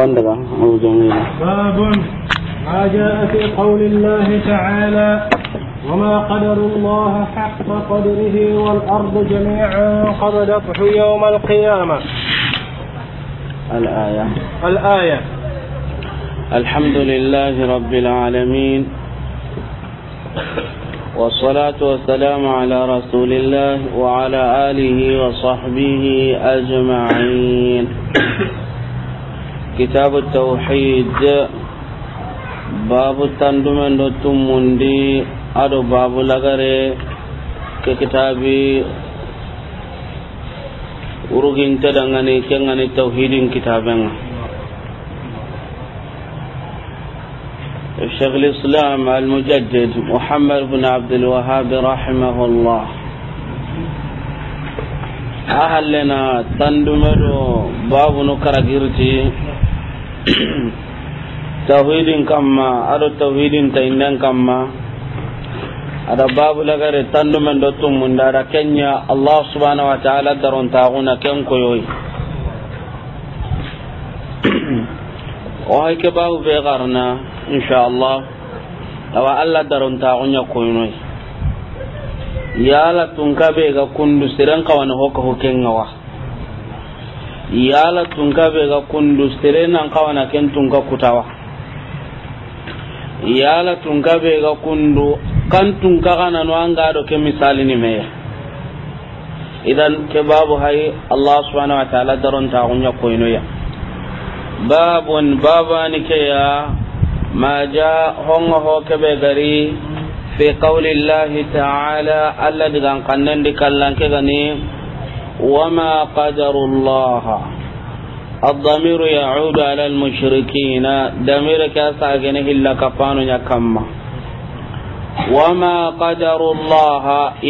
باب ما جاء في قول الله تعالى وما قدر الله حق قدره والأرض جميعا قبضته يوم القيامة الآية الآية الحمد لله رب العالمين والصلاة والسلام على رسول الله وعلى آله وصحبه أجمعين كتاب التوحيد باب التندم تمندي أدو باب لغري ككتاب urugin ta dangane kengani tauhidin kitaben الشيخ الإسلام المجدد محمد بن عبد الوهاب رحمه الله أهلنا تندمدو باب نكرة tawhidin kamma ado tawhidin ta indan kamma ada babu lagare tandu men do tumunda ada kenya allah subhanahu wa ta'ala daron taaguna ken koyoi o hay ke babu be garna insha allah awa allah daron taagunya koyoi yala tun kabe ga kundu siran kawana hokko hokenga wa yala tunka be ga kundu sire nan kawana ken tunka kutawa yala tunka be ga kundu kan tunka kana no anga do ke misali ni me idan ke babu hay allah subhanahu wa ta'ala daron ta gunya koyno ya babun babani ke ya ma ja hongo ho ke be gari fi qawli allah ta'ala alladhi kan kannan dikallan ke gani وما قدروا الله الضمير يعود على المشركين ضميرك كاساجنه إلا كفان يكما وما قدر الله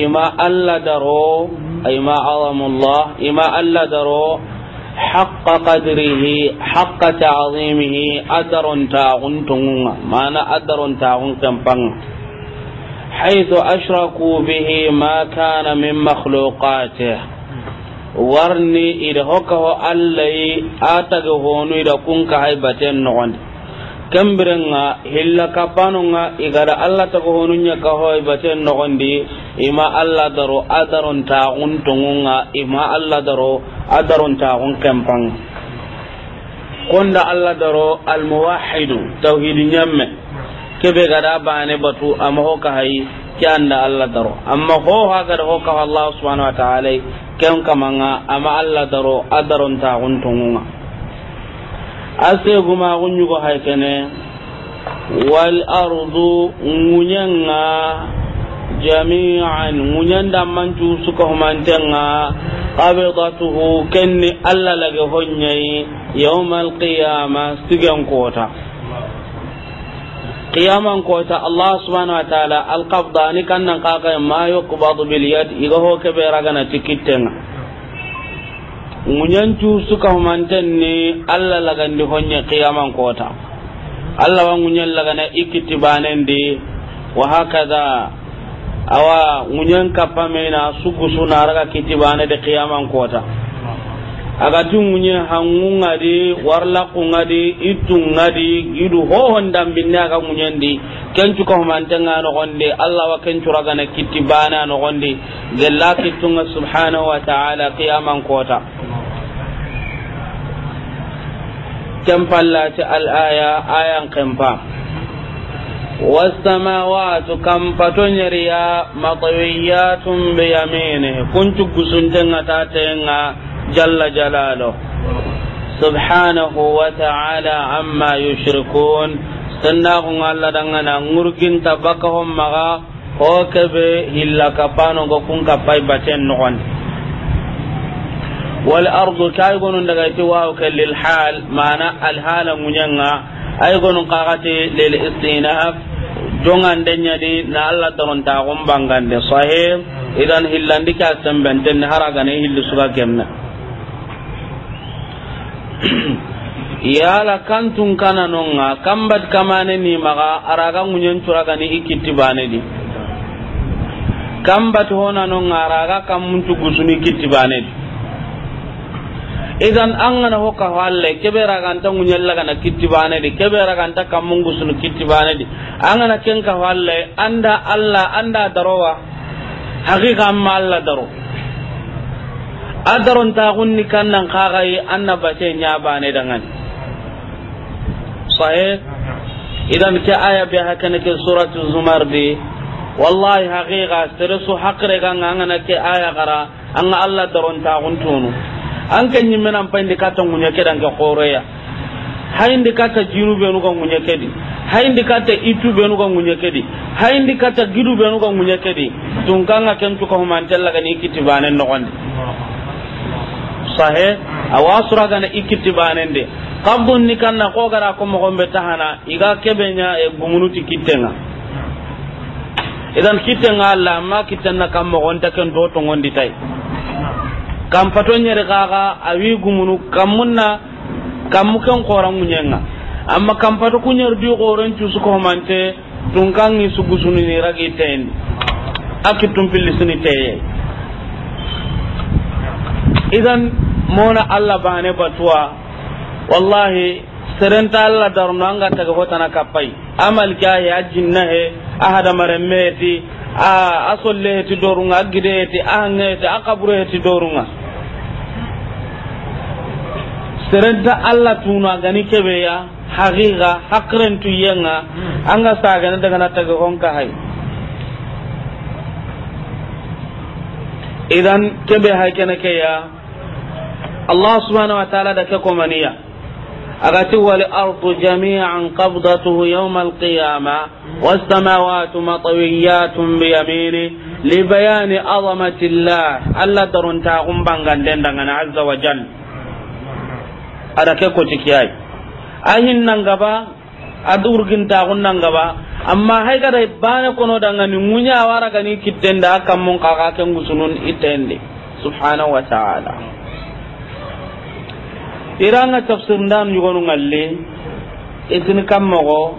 إما ألا دروا أي ما عظم الله إما ألا دروا حق قدره حق تعظيمه أدر تاغن تنغن معنى أدر تاغن حيث أشركوا به ما كان من مخلوقاته warni ida hokka ho allayi a taga honu ida kunka hay baten nogondi kembirenga hilla kapanonga igada allah taga nya ka hoy baten di ima allah daro adaron tagun tongunga ima allah daro adaron tagun kempang konda allah daro almuwahidu tauhidi nyamme kebe gada bane batu amma ka hay ke anda allah daro amma ho ha gada hokaho allah subhanahu wa ta'ala ken kamanga ama allah daro adaron ta guntunga ase guma gunyugo haykene wal ardu ngunyanga jami'an ngunyan man cu suka humantenga qabidatuhu kenni allah lage honyai yawmal qiyamah sigan kota qiyaman kota allah subhanahu wa ta'ala alqabda ni kannan kaka ma yuqbadu bil yad iga ho ke beraga na tikitenga munyantu suka humanten ni allah lagandi honye qiyaman kota allah wa munyan lagana ikiti banendi wa hakada awa munyan kapamena suku sunaraga kiti de qiyaman kota agati ŋuɲe hanŋuŋadi warlakuŋadi ittuŋadi idu hohondambinne aga ŋuɲendi kencukahumantenga nogondi allah wa kencuragana kitti bana nogondi gella kittunga subhanahu wa taala qiyaman kota al aya ayan kempa والسماوات كم فتنيريا مطويات بيمينه كنت قسنتنا تاتينا jalla jalaluhu subhanahu wa ta'ala amma yushrikun sannagun Allah dangana ngurgin tabakahum maga ko kebe hilla kapano go kun kapai baten nogon wal ardu kay gonun daga ti wa lil hal mana al hala munyanga ay gonun qagati lil istinaf jongan denya di na Allah taron ta gombangande sahih idan hillandi ka sambenten haraga ne hillu suga gemna yala kantun kana nga kambat kamane ni maga araga munyen turaga ni ikiti bane di kambat hona nonga araga muntu gusuni kiti bane di idan an gana hoka halle kebe raganta munyen laga na kitti bane di kebe kam kamun gusuni kitti bane di an gana kenka halle anda alla anda darowa hakika amma alla darowa adaron ta gunni kan kannan kagai annaba ce nya bane dangan sahe idan ke aya bi haka ne ke suratul zumar bi wallahi haqiqa sir su haqre kan ngana ke aya gara an Allah daron ta guntunu an kan yin menan pa indi kata munya ke dan ga qoroya hay indi kata jinu be nu ga munya ke di hay indi kata itu be nu ga munya ke di hay indi kata gidu be nu ga munya ke di tun kan ga kan to ko man jalla ga ni kitibanen no gonde sahe awa sura gana ikiti banen de kabun ni kanna ko gara ko mo gombe tahana iga kebe nya e gumunuti kittenga idan kittenga alla ma kittenna kam mo gonta ken do to ngondi tay kam paton nyere kaga awi gumunu kam munna kam mu kan qoran munyenga amma kam pato kunyer di qoran ci su ko mante tun kan ni su gusunu ni ragi ten akitum pilisini teye idan mona allah bane batuwa wallahi serenta allah darno anga taga fotana kappai amal kahe a jinnahe a hadamaremmeheti a a solleheti dorunga a gideheti a hangeheti a kabureheti dorunga serenta allah tuno agani keɓeya haqiqa haqrentuyenga anga sagana na taga honka hay idan kebe hay kene ya. allah subhanahu wa ta'ala da ke komaniya agati wal ardu jami'an qabdatuhu yawm al qiyama was samawati matawiyatun bi yamini li azamati allah allah darunta azza wa nan gaba amma hay kada bana kono daga ni munya wara gani kitten da aka kaka kan gusunun itende subhanahu wa ta'ala iranga tafsir ndan yugonu ngalle itin kammogo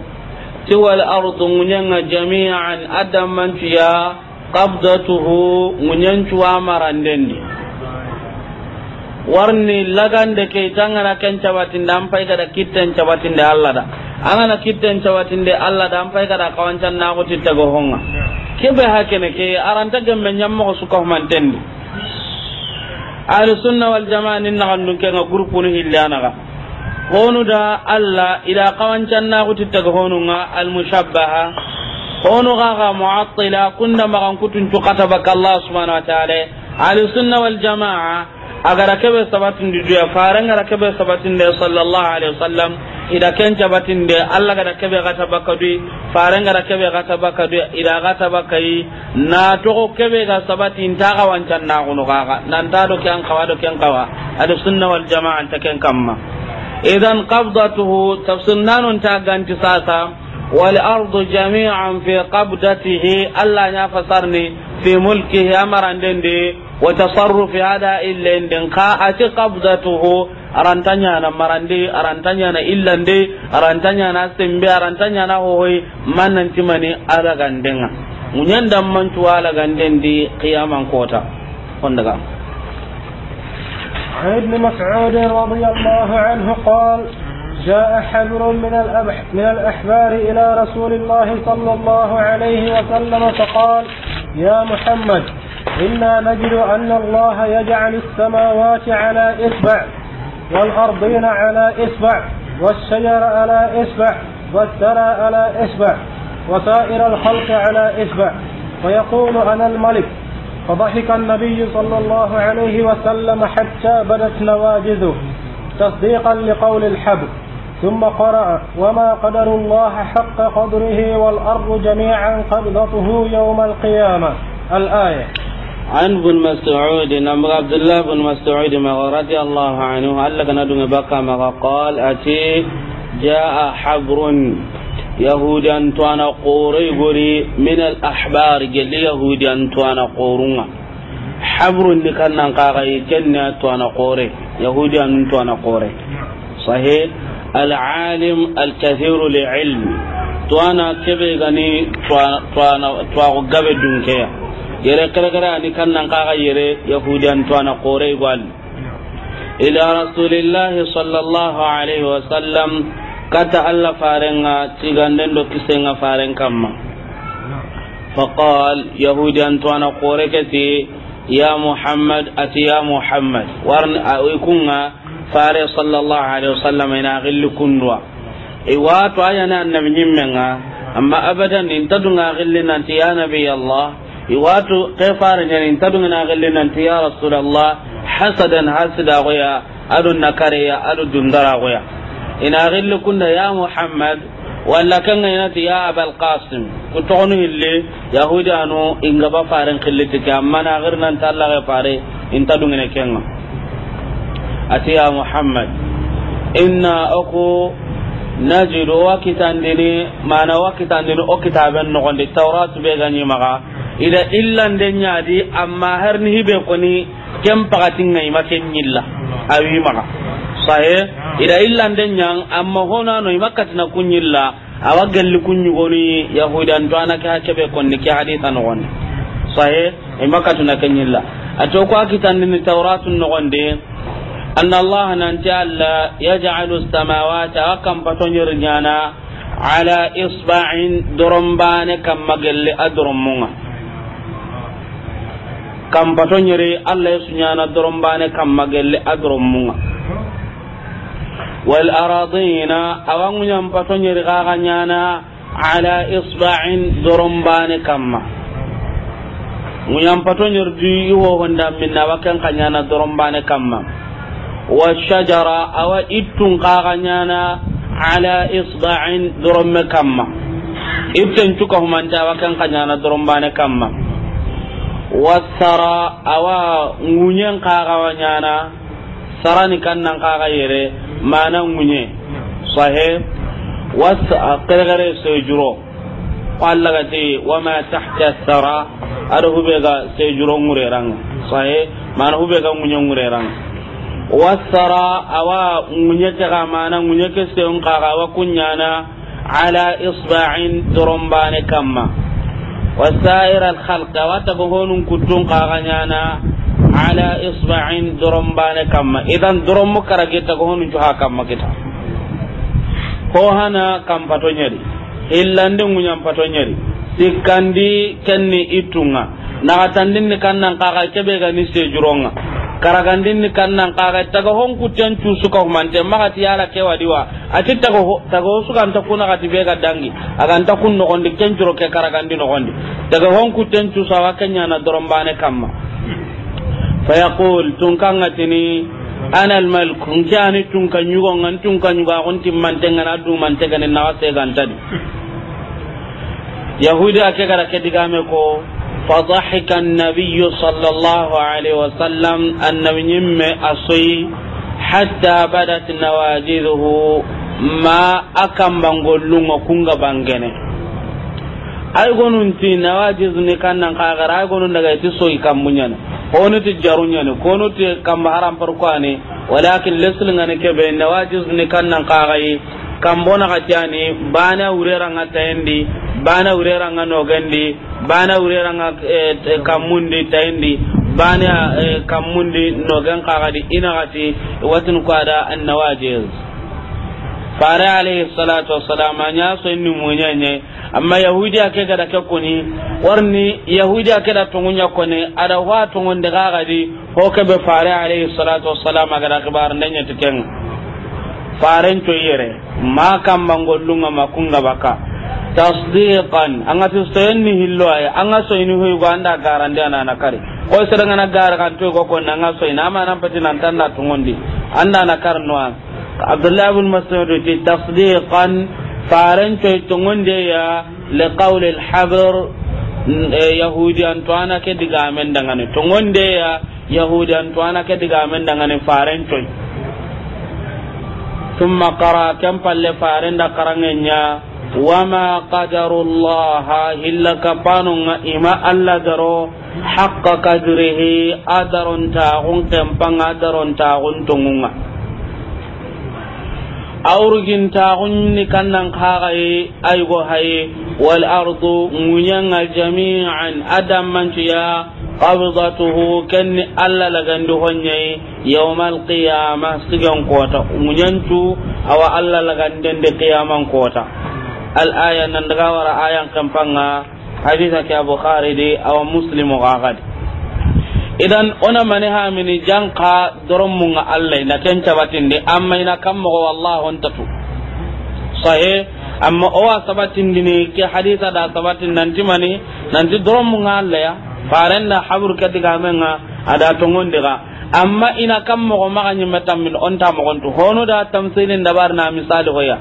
ti wal ardu ngunyanga jami'an adam tiya qabdatuhu ngunyancu amarandendi warni lagande ke tangana ken cabatinde an kada kitten cabatinde allah da angana kitten cabatinde allah da an pay kada kawancannaxutittago honga kebe ha kene ke aranta gemme ñammoxo sukahumantendi ahlu sunna wal jamaa nin naxandun kenga groupe nu ka honu da allah ida kawancannaxuti taga honunga almushabbaha honu xaxa muatila kunda maxan kutuncu xatabaka allah subhanau wa taala ahlu sunna wal jamaa agara keɓe sabatindi duya farengara keɓe sabatinde sallallahu alaihi wa sallam. ida ken jabatinde allah da kebe gata faran ga da kebe tabaka bakadui ida tabaka yi na ko kebe ga sabatin ta ga wancan na gunu ga nan ta do ken kawa do ken kawa adu sunna wal jamaa ta ken kamma idan qabdatuhu tafsinnanun ta ganti sasa wal ardu jami'an fi qabdatihi allah ya fasarni fi mulkihi amaran den de wa tasarrufi hada illen den ka ati qabdatuhu arantanya na marande arantanya na illande arantanya na sembe arantanya na hoy manan timani ala gandenga munyan dan man tuwala ganden di qiyaman kota on daga عن ابن مسعود رضي الله عنه قال جاء حبر من من الأحبار إلى رسول الله صلى الله عليه وسلم فقال يا محمد إنا نجد أن الله يجعل السماوات على إصبع والأرضين على إصبع والشجر على إصبع والثرى على إصبع وسائر الخلق على إصبع فيقول أنا الملك فضحك النبي صلى الله عليه وسلم حتى بدت نواجذه تصديقا لقول الحبر ثم قرأ وما قدر الله حق قدره والأرض جميعا قبضته يوم القيامة الآية عن بن مسعود أمر عبد الله بن مسعود رضي الله عنه قال لك ندم بقى قال أتي جاء حبر يهود أنتوان قوري من الأحبار قال يهود أنتوان قورونا حبر لكنا قاقي جنة توانا قوري يهود أنتوان قوري صحيح العالم الكثير لعلم توانا كبه غني توانا تواغو غبه دونكيا يري كركرا ني كان نقا يري يهوديان توانا قوري قال إلى رسول الله صلى الله عليه وسلم كتا ألا فارنغا تيغاندن دو كسنغا فارن كما فقال يهوديان توانا قوري كتي يا محمد أتي يا محمد وارن أويكونا فاري صلى الله عليه وسلم إنا غل كندوا إيوات وعينا أن من يمنا أما أبدا إن تدنا غلنا أنت يا نبي الله إيوات قفار إن تدنا غلنا أنت يا رسول الله حسدا حسدا غيا أدو النكريا أدو الدندرا غيا إنا غل كندا يا محمد ولا كان ينات يا أبا القاسم كتوني اللي يهودانو إن غبا فارن خلتك أما نغرنا أنت الله غفاري إن تدنا كنغا ati ya muhammad inna aku najidu wa kitandini mana wa kitandini o kitaben nogondi tauratu be ganyi maga ida illande ñaadi amma herni hibe koni ken ngai ma ken ñilla awi maga sahe ida illande ñang amma honano ima katina kuñilla awa gelli kuñugoni yahudan to anake ha keɓe konni ki hadisa nogondi sahe ima katuna ke ñilla ato ko a kitandini tauratu nogondi أن الله ننجل يجعل السماوات أكم بطنجر جانا على إصبع درمبان كم مقل أدرمونا كم بطنجر الله يسنيانا درمبان كم مقل أدرمونا والأراضين أغنى بطنجر غاغنيانا على إصبع درمبان كم nguyampatonyer di iwo honda minna waken kanyana dorombane kamma والشجرة أو إتن قاغنانا على إصبع درم كما إبتن تكهما أنت وكان قنانا درمبان كما والثرى أو نغنين قاغنانا sarani kannan kaga yere mana munye sahe was qirgare sejuro qalla gati wama tahta sara ar hubega wasara awa ŋuɲeke ka mana ŋuɲeke sen kaka awa kunyana ala isba'in dorombaane kamma wasair alhalq awa tago honun kuttun kaka nyana ala isba'in dorombaane kamma idan dorommo karage tago honun cuha kamma kita ho kan kam pato nyeri hillande ŋuɲan pato nyeri sikkandi kenni ittunga naxatandinni kannan kaka kebe gani sejuronga karagandin ni kannan kaga taga hon kutten cu suka humante magati yala kewa diwa ati taga ho taga ho suka anta kuna gati be aga anta kun no gondi kenjuro ke karagandi no gondi taga hon kutten cu sawa kenya na dorombane kamma fa yaqul tun kangatini ana al malik kun kyani tun kan yugo ngan tun kan yugo na du mantenga na wase gantadi yahudi ake gara ke digame ko Fasaxi kan nabiyyu salallahu alaihi wa salam anna wanyimme asooyi hajja badatti nawaajidhuhu maa akkam bangooluuma kunga bangene. gonun ti jirbini kan na kaayaa haikulunti nagay itti sooyi kan bunyani. Koon itti jarunyani. Koon itti kan baaraan barkani. Walaakin leslingaan akka bayyana. Nawaajis ni kan na kaayaa. kambona katiani bana urera nga bana urera nga nogendi bana urera nga eh, kamundi tayendi bana eh, kamundi nogen kagadi ina gati watin kwada annawajiz fare alayhi salatu wassalam anya so inni munyanye amma yahudiya ake gada ke koni warni yahudiya ake da tungunya kone ada wa tungun de gagadi hokebe fare alayhi salatu wassalam gada kibar nanya tikenga faren to yere ma kam mangollunga makunga baka tasdiqan anga tusen ni hillo ay anga so ini hu ganda garande anana kare ko sedanga na gar kan to go ko nanga soyna ama nan pati nan tanda tungondi anda nakar no abdullah ibn mas'ud ti tasdiqan faren to tungonde ya liqawl al-habr e, yahudi an to ana ke diga dangane tungonde ya yahudi an to ana ke diga dangane faren to ثم قرا كم قال فل دا قرنيا وما قدر الله الا كبانون إما الا درو حق قدره أدر تاغن كم فان أدر تاغن تنغن aurugin taxunni kannan kaxaye aygo haye walardu ŋuñanga jamian adammancuya qabdatuhu kanni alla lagandu honyai yawmal qiyamah sigan kota munyantu awa alla laganden de qiyaman kota al aya nan daga kampanga ke bukhari de idan ona mane mini janka doron mun alla ina ken tabatin de amma ina mo wallahi sahe amma wa sabatin ke da sabatin nan timani nan ti mun alla ya faren farenna habru kadigamanga ada tongondiga amma ina kam mogo maga ñimme tammin onta mogontu hono da tamsilin dabar na misali hoya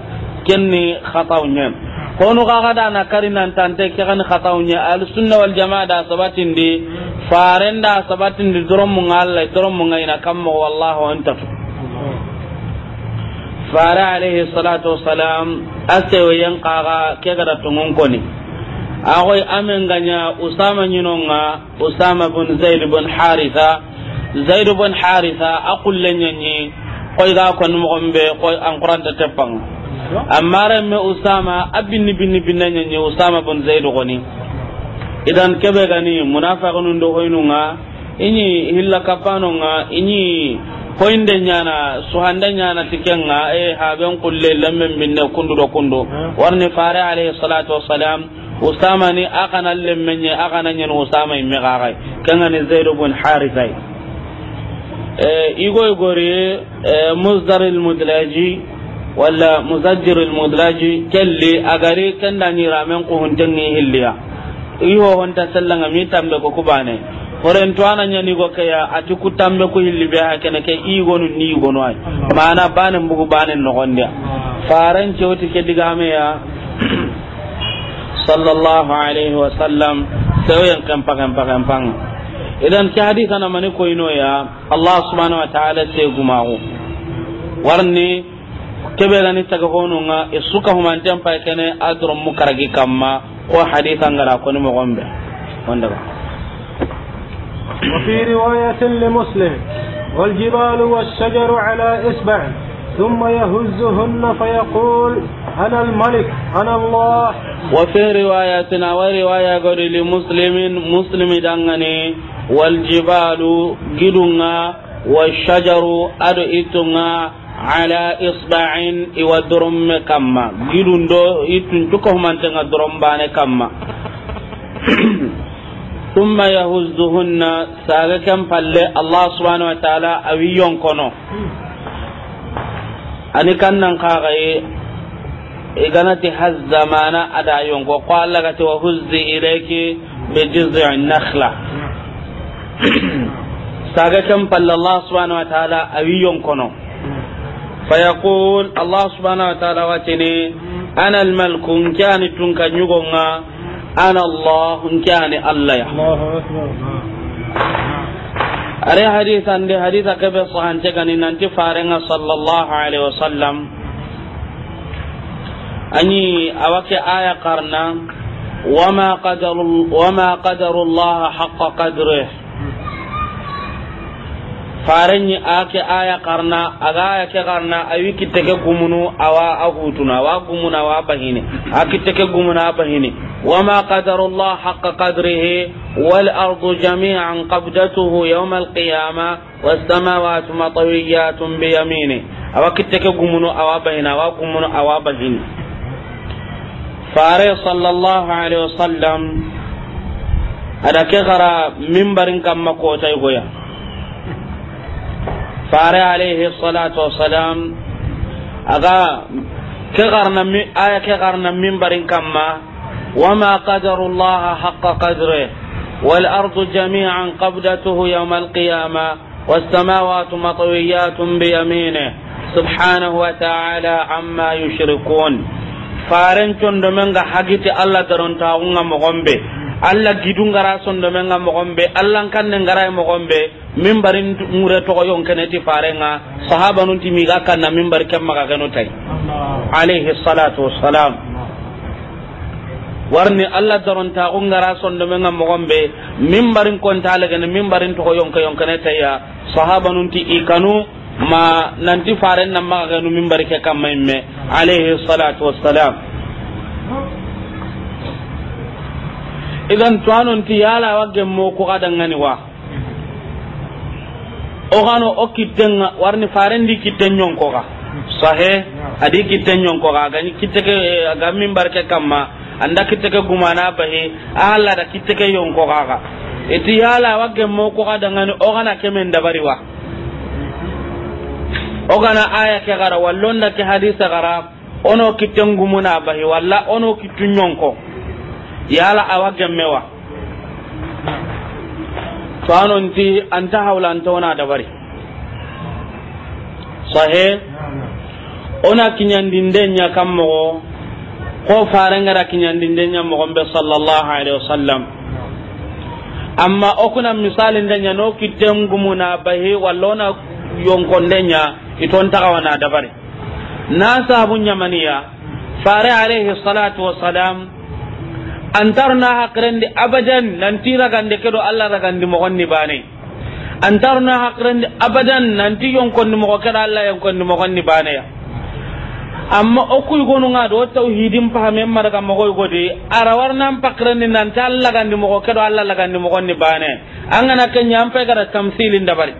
kenni khatau nya hono ga da na kari nan tante ke kan khatau nya al sunna wal jamaa da sabatin di faren da sabatin di dorom mu ngalla dorom mu ngaina kam mo wallahu anta fara alayhi salatu wassalam asewayen kaga ke gada ko koni akwai amen ganya usama nyinonga usama bin zaid bin haritha zaid bin haritha akulle nyanyi koy ga kon mo gombe koy an qur'anta tepang amma remme usama abinni binni binna nyanyi usama bin zaid goni idan kebe gani munafiqun do hoynunga inyi hilla kapanonga inyi koyinde ñana suhande ñana tikenga e eh, ha ɓen kulle lemmen binne kunduɗo kundu eh. warni fare alayhi salatu wassalam usama ni aka akana lemmenye akana nyen usama imme gagai kanga ni zaid ibn harithai e igo igori e, muzdar al mudlaji wala muzajjirul mudlaji kelli agari kanda ni ramen ko ni hilliya iho honta sallan mi tambe ko kubane horen to ana nyani go kaya ati ku tambe ko hilli be ha ne ke igo nu ni go no ay mana banen bugu banen no gonde faran cewti ke digame ya sallallahu alaihi wasallam sauyan kampa kampa kampa idan ki hadisa na mani koyno ya Allah subhanahu wa ta'ala sai gumawo warni kebe gani taga hono nga isuka human jampa kene adrum mukaragi kamma ko hadisa ngara ko ni mo gombe wanda ba وفي رواية لمسلم والجبال والشجر على إسبع ثم يهزهن فيقول أنا الملك أنا الله وفي روايتنا ورواية قول لمسلم مسلم دنغني والجبال جدنا والشجر أدئتنا على إصبع ودرم كما جدن دو إتن تكهم أنت درم بان كما ثم يهزهن ساقا كم الله سبحانه وتعالى أوي ينكنو ani kan kannan kagaye iganati hazzamana ada yonko ko Allah gati wa huzzi ilayki bi jiz'in nakhla saga kan palla Allah subhanahu wa ta'ala awi yonkono fa yaqul Allah subhanahu wa ta'ala tini ana al malku kani tunka nga ana Allah kani Allah ya Allahu akbar are hadith haditha hadith akabe sahante kan nanti farenga sallallahu alaihi wasallam anyi awake aya karna wama qadaru wama qadaru allah haqqa qadri farenyi ake aya karna aga aya ke karna ayi kiteke gumunu awa agutuna wa gumuna awa bahine akitake gumuna bahine وما قدر الله حق قدره والأرض جميعا قبضته يوم القيامة والسماوات مطويات بيمينه أو كتك قمنا أو بهنا أو قمنا أو بهنا فاري صلى الله عليه وسلم هذا ke gara mimbarin kamma kotai فاري عليه الصلاة والسلام wassalam كغرنا ke garna aya ke وما قدر الله حق قدره والأرض جميعا قبضته يوم القيامة والسماوات مطويات بيمينه سبحانه وتعالى عما يشركون فارنتون دمنغا حقيتي الله درنتاون مغمبي Allah gidun gara son da menga mogombe Allah kan nan gara mogombe mimbarin mure to yon kene ti farenga sahaba nun ti mi ga kan na mimbar kan maga ganu tai alaihi salatu wassalam warni allah daron ta ko ngara do men ngam gombe mimbarin kon tale gane mimbarin to yonka yonka ne tayya sahaba nun ti ikanu ma nanti faren nan ma ganu mimbar ke kam me alaihi salatu wassalam idan tuwanon ti yala wa mo ko kadan ngani wa o gano o kitten warni faren di kitten nyonko ko ga sahe adi kitten nyonko ka eh, ga gani kitte ke ga min barke ma anda kiteke gumana bahe ala da kiteke yonko kaga iti yala wage mo ko kada ngani ogana kana kemen dabari wa Ogana aya ke gara wallonda ke hadisa gara ono kitten gumuna bahe walla ono kitun yonko yala awage mewa to nti anta hawla anta ona dabari sahe ona kinyandinde nya kammo ko farengara kiñandinde ñammogonɓe sallallahu alaihi wasallam amma okuna misalin misali ndenya no kitten gumuna bahe walla ona yonkonde nya iton tagawana dabari na sabu nyamaniya fare alaihi salatu wassalam antarna di abadan nanti ragande kedo allah ragandi ni bane antarna di abadan nanti ni mogo kedo allah yonkondi ni bane ya amma okuy gonu nga do tauhidin pahamen mar ga mogoy godi ara warna pakran nan ta Allah gandi mogo kedo Allah la gandi mogo ni bane an gana kan nyam pe gara tamsilin da bari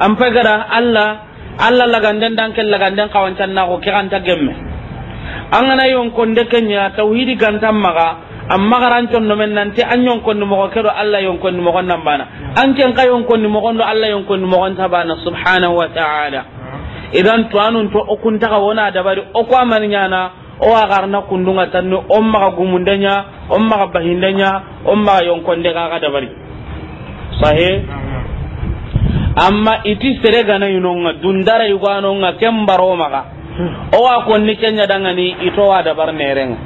am pe gara Allah Allah la ganden dan kel la ganden kawancan na ko kiran ta gemme an gana yon konde nya tauhidi gantam maga amma garan ton no men nan te an yon kondi mogo kedo Allah yon kondi mogo nan bana an ken ka yon kondi mogo do Allah yon kon mogo ta bana subhanahu wa ta'ala idan tuwanun to okun taka wani adabari oku amani yana o wa garna kundunga tanni o maka gumundanya o maka bahindanya o maka yonkonde ka ka dabari sahe amma iti sere gana yino nga dundara yugano nga kembaro maka o wa konni kenya dangani ito wa dabar nerenga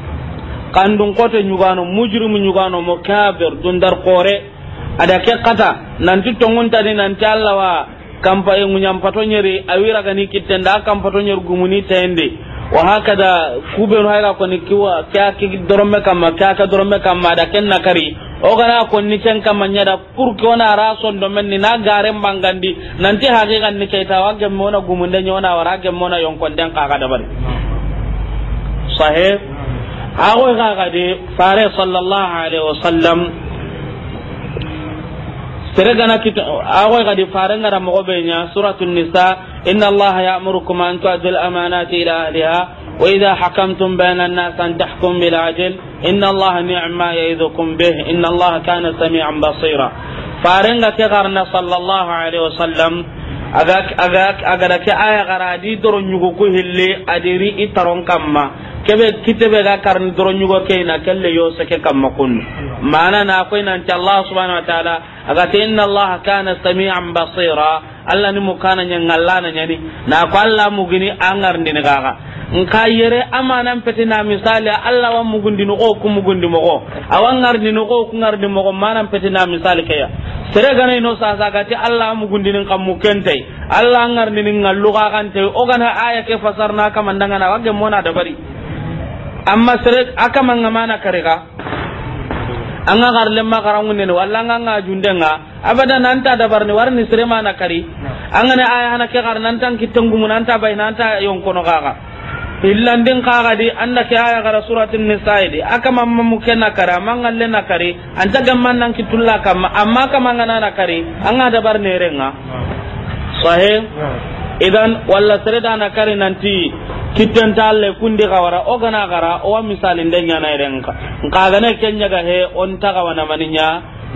kandun kote nyugano mujrim nyugano mo kaber dundar kore ada ke kata nanti tongunta ni nanti allah wa kampa e ngunyam patonyere awira gani kitenda kampato nyer gumuni tende wa hakada kube no hayra koni kiwa kya ki dorome kama kya ka dorome kama da kenna kari o gana konni ken kamma nyada pur ko na rason do men ni na gare mbangandi nanti hage kan ni kaita wa gemmo gumunde nyona wara gemmo na yonkon den ka kada bari sahih hmm. ago ga ga de fare sallallahu alaihi wasallam سرقنا كت أغوي غادي فارنا رمغوبينيا سورة النساء إن الله يأمركم أن تؤدوا الأمانات إلى أهلها وإذا حكمتم بين الناس أن تحكم بالعدل إن الله نعم ما يعظكم به إن الله كان سميعا بصيرا فارنا كغرنا صلى الله عليه وسلم agak agak agada اي غرادي درن doron اللي ko hille adiri itaron kebe kitebe ga karin doro nyugo ke na kelle yo sake kam makun mana na akwai nan ta Allah subhanahu wa ta'ala aga ta inna Allah kana sami'an basira Allah ni mukana nyan Allah na nyani na ko Allah mu gini angar ndini gaga in ka yere amanan pete na misali Allah wa mugundi no ko ku mugundi mo ko awangar ngar ni no ko ku ngar ni mo ko mana pete na misali kaya sere gana ino sa sa ga ti Allah mugundi nin kam mukentai Allah ngar ni ngallu ga kan te o gana aya ke fasarna kamandanga na wage mona da bari amma sere aka manga mana karega anga garle ma karangun ne walla nga nga jundenga abada nanta da ne warni sere mana kari anga ne aya hana ke gar nanta kitangu nanta bay nanta yon kono gaga illan din kaga di anda ke aya gara suratul nisa di aka mamma mukena kara manga le na kari anta gamman nan kitulla kam amma kamanga na kari anga dabar ne renga sahih idan wala walla da na kare nanti kitan talle kundi gawara o gana gara o wa misalin den yana iren ka ka ga ne kenya ga he on ta ga wana maninya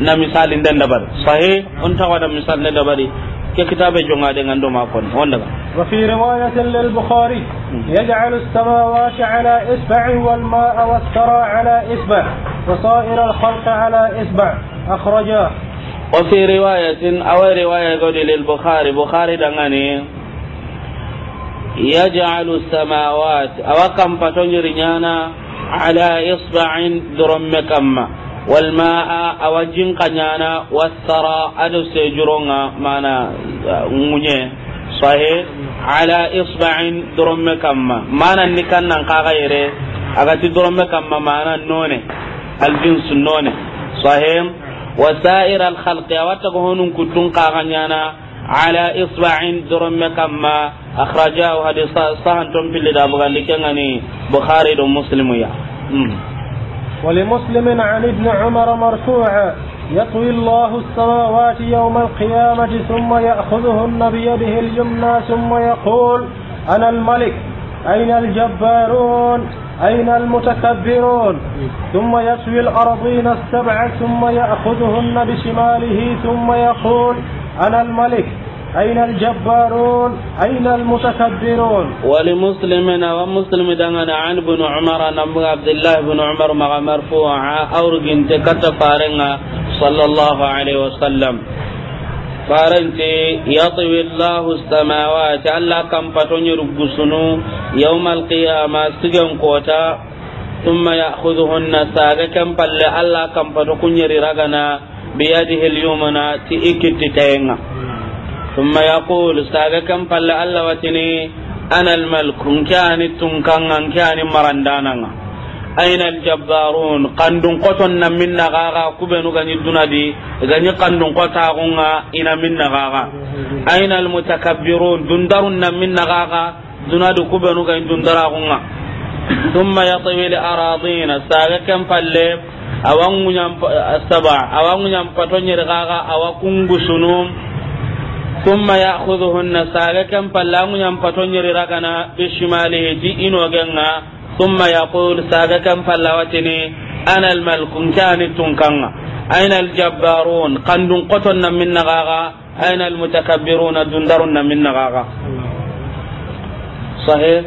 na misalin den da bar sahi on ta gawana misalin den da bari ke kitabe jonga den ando ma kon on daga wa fi riwayat al bukhari yaj'alu as-samawati ala isba'i wal ma'a was-sara ala isba' wa sa'ir al khalq ala isba' akhraja akhrajahu وفي رواية أو رواية al bukhari bukhari dangani يجعل السماوات أو كم رنانا على إصبع درم كما والماء أو جن قنانا والثرى أدو سيجرونا مانا منيه صحيح على إصبع درم كما مانا نكنا غيره أغتي درم كما مانا نونه الجنس نونه صحيح وسائر الخلق أو تكون كتن قاغنانا على إصبع درم كما أخرجاه هذه صحن تم في اللي بغالي بخاري ومسلم يا ولمسلم عن ابن عمر مرفوعا يطوي الله السماوات يوم القيامة ثم يأخذهن بيده اليمنى ثم يقول أنا الملك أين الجبارون أين المتكبرون ثم يسوي الأرضين السبع ثم يأخذهن بشماله ثم يقول أنا الملك أين الجبارون أين المتكبرون ولمسلم ومسلم دعنا عن بن عمر نبي عبد الله بن عمر مع مرفوعا أو جنت كتفارنا صلى الله عليه وسلم يطوي الله السماوات ألا كم فتن يرقصنو يوم القيامة سجن قوتا ثم يأخذهن ساقا كم بل ألا كم فتكون رغنا بيده اليمنى تيكت تينا ثم يقول ساقا كم فل الله وتني أنا الملك كان تنكان كان مرندانا أين الجبارون قندن قطن من غاغا كبنو غني الدنادي غني قندن قطاغونا إن من غاغا أين المتكبرون دندرن من غاغا دنادو كبنو غني دندراغونا ثم يطوي الأراضين ساقا كم فلب awa ngunyam saba awa ngunyam patonyer gaga awa kungu sunum thumma hunna saga kam palla ngunyam patonyer ragana bishimalihi di inogenga thumma yaqul saga kam palla watini ana almalkun kani tunkanga aina aljabbarun qandun qotonna minna gaga aina almutakabbiruna dundarunna minna gaga sahih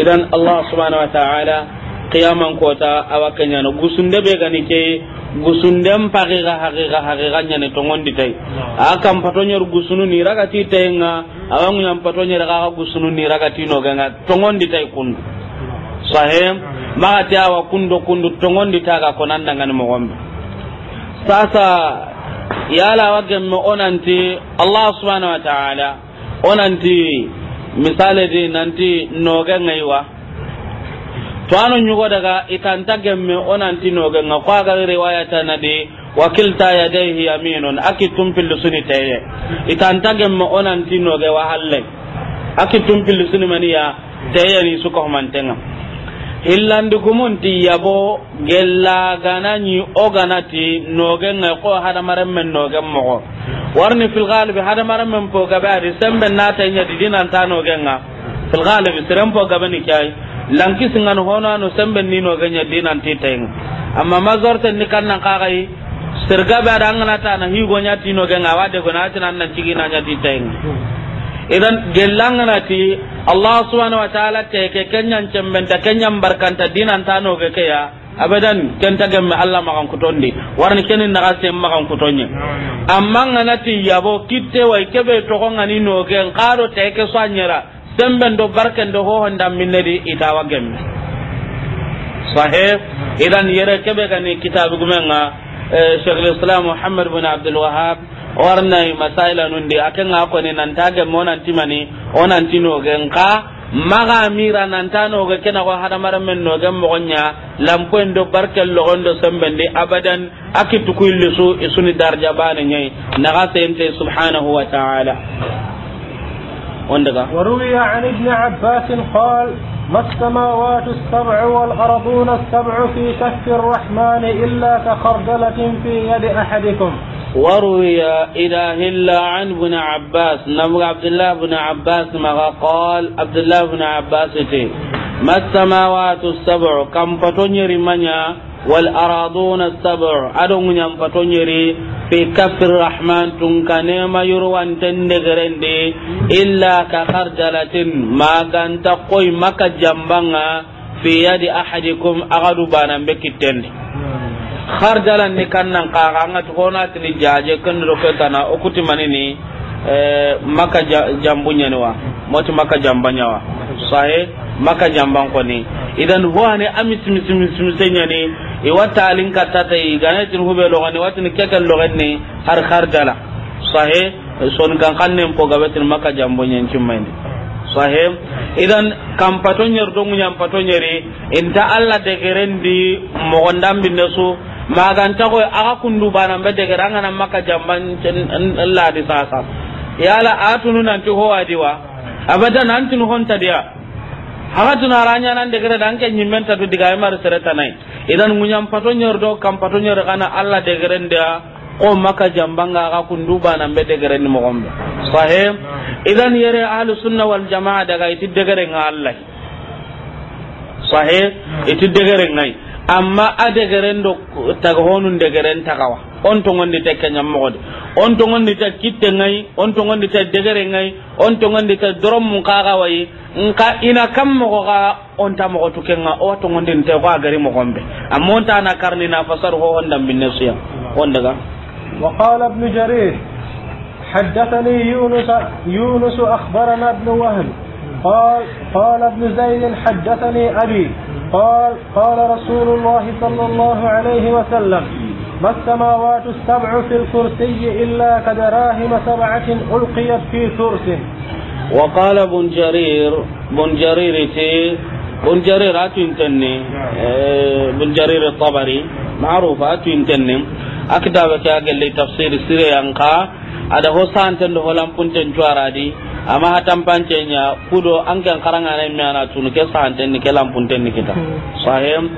idan allah subhanahu wa ta'ala qiyaman kota awa no gusunde be gani ke ga paxixa haxixa haxixa ñane togondi tay a kam patoñer gusunu ni ragati tayenga awa ŋuñan patoñer ga gusunu ni ragatinogenga togondi tai kundu sahe maxati awa kundo kundu togondi taga konan dangani moxonɓe sasa yala awa gemme onanti allah subhanahu wa taala onanti misale di nanti nogengaiwa to anu nyugo daga itanta gemme onanti noge nga kwa ga riwaya aki tumpil suni taye itanta gemme wa halle aki tumpil suni maniya taye ni suko mantenga hillandi yabo gella gananyi oganati noge nga ko hada noge warni fil hada po sembe na tanya nga fil lanki singan hono no semben ni no ganya dinan titeng amma mazorta ni kannan kakai sirga ba da ngana ta na higo nya tino ganga wade gona tan nan na nya titeng idan ti Allah subhanahu wa ta'ala te ke kenyan cemben ta kenyan barkanta dinan ta no ke ya abadan ken ta gemme Allah makan kutondi warni kenin na kase makan kutonye amma ngana ti yabo kitte wa ikebe to ko ngani no ken karo te ke swanyera semben do barken do ho honda minne di itawa gemme sahih idan yere kebe gani kitab gumenga eh, shaykhul islam muhammad bin abdul wahhab warna masaila nundi akenga ko ni nan tage monan timani onan tino genka maga mira nan tano ga kena ko hada maram men no gam mo gonya ko ndo barkel lo gondo sambende abadan akitu kullu su isuni darja bana nyai naga sente subhanahu wa ta'ala وندقى وروي عن ابن عباس قال ما السماوات السبع والأرضون السبع في كف الرحمن إلا كخردلة في يد أحدكم وروي إذا هلا عن ابن عباس نبغى عبد الله بن عباس ما قال عبد الله بن عباس ما السماوات السبع كم فتنير منيا wal araduna sab'a adon nyam patonyeri fi kafir rahman tun kane ma yurwan tende gerende illa ka khardalatin maganta koy maka jambanga fi yadi ahadikum agadu Eh, maka jambunya ne wa moti maka jambanya wa sahe maka jamban ko ni idan huwa ne amis mis mis mis misenya ne e wata alin ka ta tata yi ganatin hube lo ne watin kekal lo ne har har dala sahe son kan kannen po gabatin maka jambonya cimma ne sahe idan kam patonyer dongu nyam patonyeri inta alla de gerendi mo gondam binne su maganta ko aga kundu bana be de geranga na maka jamban ladi sasa yala atunu nanti howadiwa abadan antinu hontadiya hakatuna ranya nan de gere dan kan yimmen ta diga mar sereta nai idan munyam patonyor do kam nyor kana alla de nda ko maka jambanga ka kunduba nan be de gerenda mo gombe sahe idan yare ahlus sunna wal jamaa daga iti de nga alla sahe iti de gere nai amma a gere ndo do de gere ntakawa on to ngondi tekkanya mo gode on to ngondi ta kitte ngai on to ngondi ta degere ngai on to ngondi ta dorom mun kaga wayi nka ina kam mo ko ga on ta mo to kenga o to din te ko agari mo gombe amma on ta na karni na fasar ho dam bin nasiya on daga wa qala ibn jarir حدثني يونس يونس اخبرنا ابن وهب قال قال ابن زيد حدثني ابي قال قال رسول الله صلى الله عليه وسلم ما السماوات السبع في الكرسي إلا كدراهم سبعة ألقيت في كرس وقال بن جرير بن جرير تي بن جرير أتنتني نعم. آه، بن جرير الطبري معروف أتنتني أكدابك أقل لي تفسير السيري ينقى هذا هو سانتن هو لم كنت جوارا دي amma ha pance nya kudo an kan karanga na mi ana tunu ke sa hanten ni ke lampun ten ni kita hmm. sahem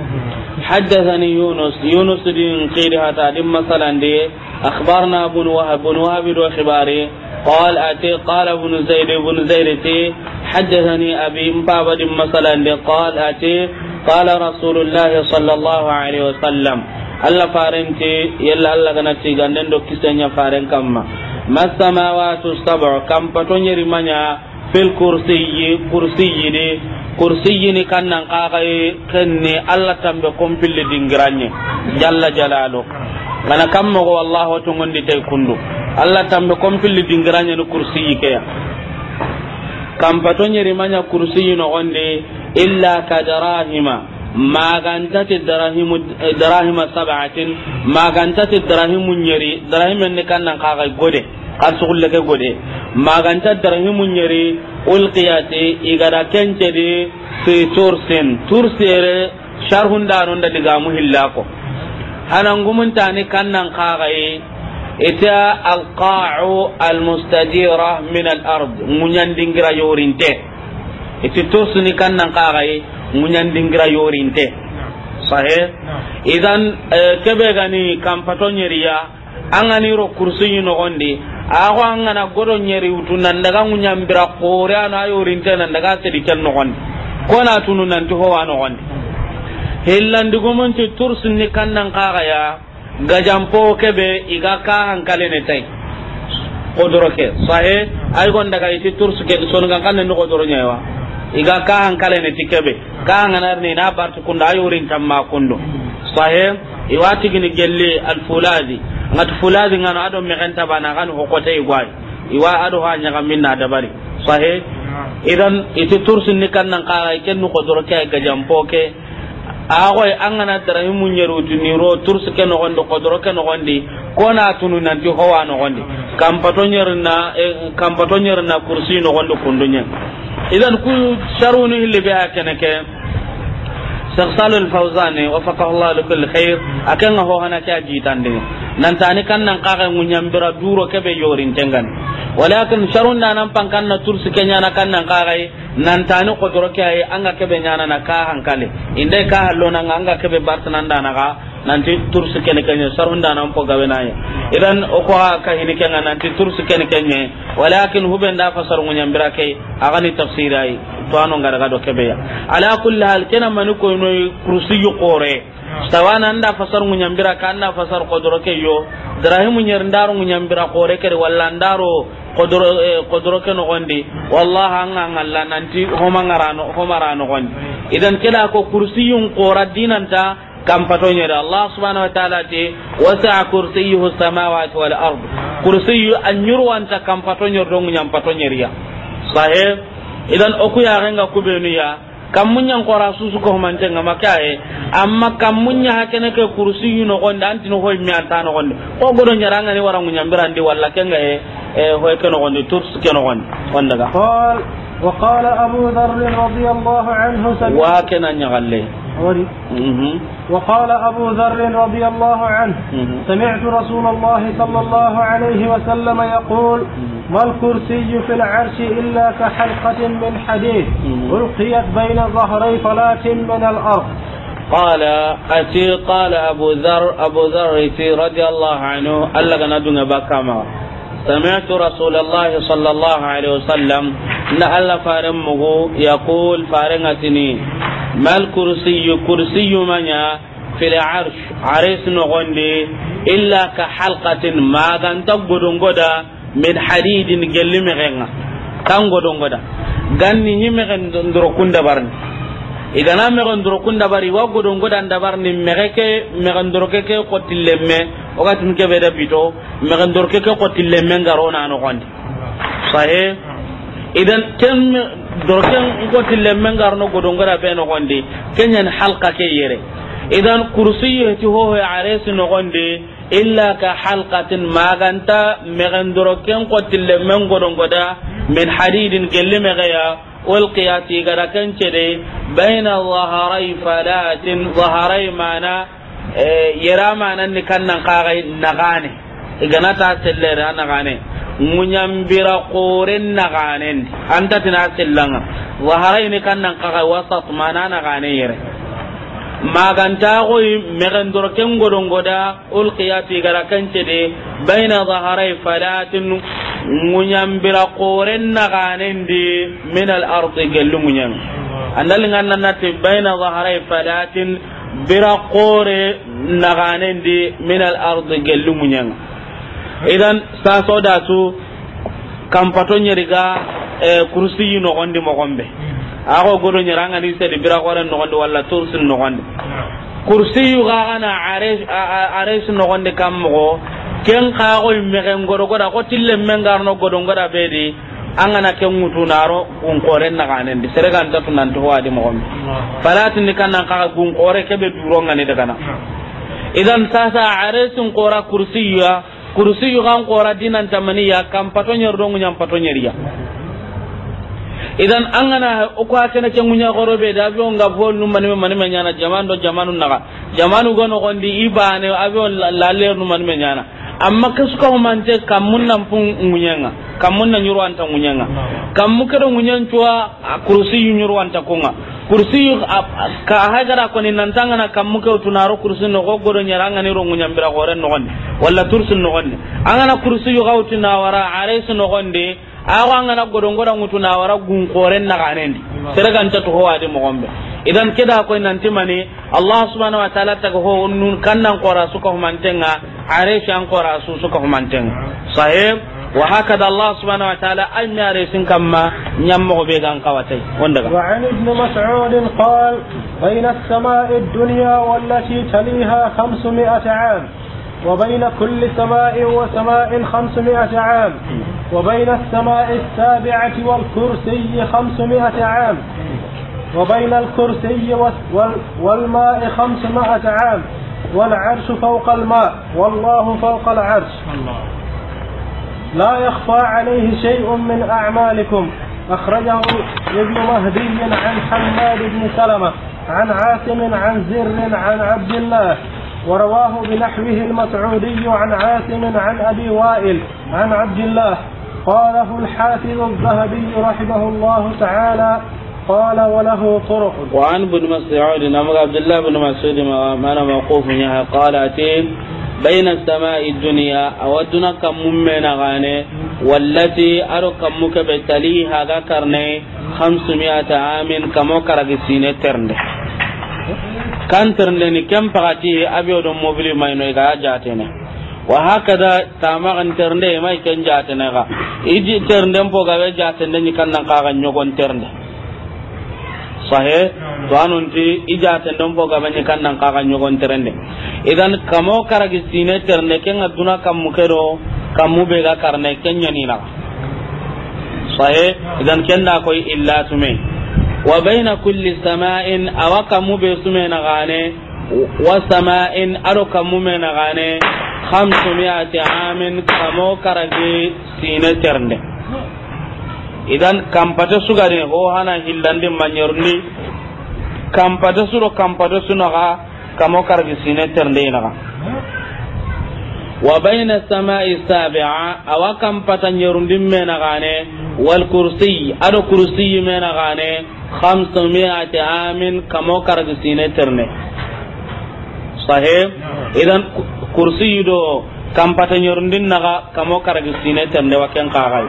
haddathani yunus yunus din din masalan de akhbarna abu wahab wahab khibari qala ati qala ibn ibn ti haddathani abi imba din masalan de qala ati qala rasulullah sallallahu alaihi wasallam alla yalla alla kamma masamawatu sab'a kam nyeri manya fil kursiyyi kursiyyi de kursiyyi ni kannan kan kanne Allah tambe kompille dingiranye jalla jalalu mana kam mo wallahu to ngondi tay kundu Allah tambe fili dingiranye no kursiyyi ke ya kam nyeri manya kursiyyi no gonde illa kadarahima magantati darahima sab'atin magantati darahimu nyeri darahimen ne kannan kaga godhe kar sugulle ke godhe maganta darahimu nyeri ulqiyati igada kence si tursin tursere sharhun danon da digaamu mu hanan min al munyan dingira yorinte tursini kannan munyan ŋuñandingira yorinte sahe idan eh, kebe gani kampato ñeriya angani ro kursu kursuñi nogondi axo angana nyeri utu nan daga munyan bira kore ana yorinte nan nandaga sedi ken nogondi kona tunu nan ho gondi nanti howa nogondi hillandigumunti tursunni kannan kaxaya gajampo kebe iga ka ne tai kodoro ke sahe ay gon daga iti tursu ke kan kanne ni kodoro nyewa iga ka hankala ne tikebe ka hangana ne na bartu da ayurin tamma kundo sahe iwati gini gelle al fuladi ngat fuladi ngano ado me ganta bana kan hokote igwai iwa ado ha nyaga na dabari sahe idan itu tursin ni nan kara ken ko doroke ga jampoke agoy an gana darami ni ro tursi ke nogondi kodoro ke nogondi kona tunu nanti howa nogondi kampato ñerna eh, kampato ñerna kursi nogondi kundu ñen idan ku sharunu hilli be a kene ke cheikh salih alfawzani wafakahu llah likulli khair akenga hohana ke a jitandi nantani kan nan kaxe ŋuñambira duro yorin yorintengani walakin sharun na nan pankan na su kenya na kan nan kare nan tani kotoro ke ayi anga kebe nyana na ka hankale indai ka hallo nan anga kebe barta nan da ka nan ti su kenya kenya sharun da nan po na naye idan oko ha ka hini kenya nan ti su kenya kenya walakin huben da fasar ngunyambira kai agani tafsirai to gara ga do ala kulli hal kana man ko no kursi yu qore sawana anda fasar mu nyambira ka anda fasar qodoro ke yo drahimu nyer ndaro mu nyambira qore ke walla ndaro qodoro qodoro ke no gondi wallahi anga ngalla nanti homa ngarano homa rano gondi idan kila ko kursi yu qora dinanta kam patoñere allah subhanahu wa taala ti wasaa kursiyuhu samawati wal ard kursiyu a ñurwanta kam patoñer do pato patoñeria sahe idan oku yarenga kubenuya kammunya ngora susu ko manje ngama kae amma kammunya hakene ke kursi yuno gonda anti no hoy mi anta no gonde ko godo nyaranga ni warangu nyambirande walla kenga e, e hoy ke no gonde turs ken no gonde wanda ga wa qala abu dharr radiyallahu anhu wa kana nyalle ورد وقال أبو ذر رضي الله عنه سمعت رسول الله صلى الله عليه وسلم يقول ما الكرسي في العرش إلا كحلقة من حديد ألقيت بين ظهري فلاة من الأرض قال أسير قال أبو ذر أبو ذر رضي الله عنه ألا ندن بكما سمعت رسول الله صلى الله عليه وسلم ان فارمه يقول فارنتني mal kursiyu kursiyu manya fil arsh aris no illa ka halqatin magan taggodon goda min hadidin gellime genga tangodon goda ganni nyime gen ndoro kunda barni igana me gen ndoro kunda bari wa godon goda ndabarni mereke me gen ndoro keke qotillemme ogati mke beda bito me gen ndoro keke qotillemme ngarona no gonde sahih idan dorken ngoti lemmen garno godongora be nogondi kenyan halka ke yere idan kursiyo ti hoho aresi nogondi illa ka halqatin maganta megen doroken ngoti lemmen godongoda min hadidin gelle megeya ulqiyati gara kencede baina dhaharai falatin dhaharai eh, mana yera mananni kannan kagai nagane iganata sellere anagane muñambira koren naganendi antatina sellanga waharaini kannan kaga wasat mana nagane yere magantaxoy mexendoro ken godongoda ulqiyati gara kencede baina zaharai falatin ŋuñambira koren naxanendi min alardi gellu ŋuñami andalingan nanati baina zaharai falatin bira kore naxanendi min alardi gellu ŋuñanga idan so da su kampato nyeriga a e, ko mogonɓe ako godo nyerangani sedi bira koren nogondi walla tursin nogondi kursiyu kagana ares nogondi kam mogo ken kagoy megen gorogoda ko tille men garno godongoda di an gana ken ŋutunaro gunkoren naganendi seregantatu nanti howadi mogonɓe falatindi kannan kaga gunkore keɓe daga na idan sasa aresin kora kursiya kursi yugan qora dinan tamani ya kam patonyer dongu nyam patonyer ya idan an gana uku haka na kyan gunya goro bai da abiyon ga bol nun mani mani mai nyana jama'an jamanu jama'an naga jama'an gono gondi iba ne abiyon lalle nun mani mai nyana amma kasu ka humante kamun nan fun ngunya kammun na nyurwanta ngunyanga kammu kada ngunyan cuwa kursi yu nyurwanta kunga kursi yu ka hajara ko ni nantanga na kammu ka tunaro kursi no gogodo nyaranga ni rongu nyambira gore no gonde walla tursi no gonde angana kursi yu gauti na wara aresi no gonde ago angana godongora ngutu na wara gun na ganendi sere ta to hoade mo gombe idan kida ko nanti ni allah subhanahu wa ta'ala ta ho nun kannan qora suka humantenga aresi an qora su suka humantenga sahib وهكذا الله سبحانه وتعالى أن يارسن كما يمغ بيغان قواتي وعن ابن مسعود قال بين السماء الدنيا والتي تليها خمسمائة عام وبين كل سماء وسماء خمسمائة عام وبين السماء السابعة والكرسي خمسمائة عام وبين الكرسي والماء خمسمائة عام والعرش فوق الماء والله فوق العرش الله لا يخفى عليه شيء من أعمالكم أخرجه ابن مهدي عن حماد بن سلمة عن عاصم عن زر عن عبد الله ورواه بنحوه المسعودي عن عاصم عن أبي وائل عن عبد الله قاله الحافظ الذهبي رحمه الله تعالى قال وله طرق وعن ابن مسعود نمر عبد الله بن مسعود ما أنا موقوف منها قال أتي بين السماء الدنيا أودنا كم من غاني والتي أرو كم كبتليها ذكرني خمسمائة عام كم كرق سينة ترند كان ترندني كم فغاتيه أبيض موبيل ما ينويقا جاتنا وهكذا hakada ان ternde ما ken jatene ga iji ternden po gabe jatende ni kannan kaga sahe to anunti ijata ndon fo ga banyi kan nan kaga nyogon terende idan kamo karagi sine terne ken aduna kam mukero kam be ga karne ken nyani na sahe idan ken da koi illa tume wa baina kulli sama'in awa kam mube sume na gane wa sama'in aro kam mube na gane 500 amin kamo karagi sine terne idan kampata sugani ho hana hillan hillandi manyerni kampata suro kampata ga kamo kargi sine ga wa baina samai sabi'a awa kampata nyerundi gane wal kursi ado kursi gane 500 amin kamo kargi sine terne sahih idan kursi do kampata na ga kamo karagi sine terne wa waken kagai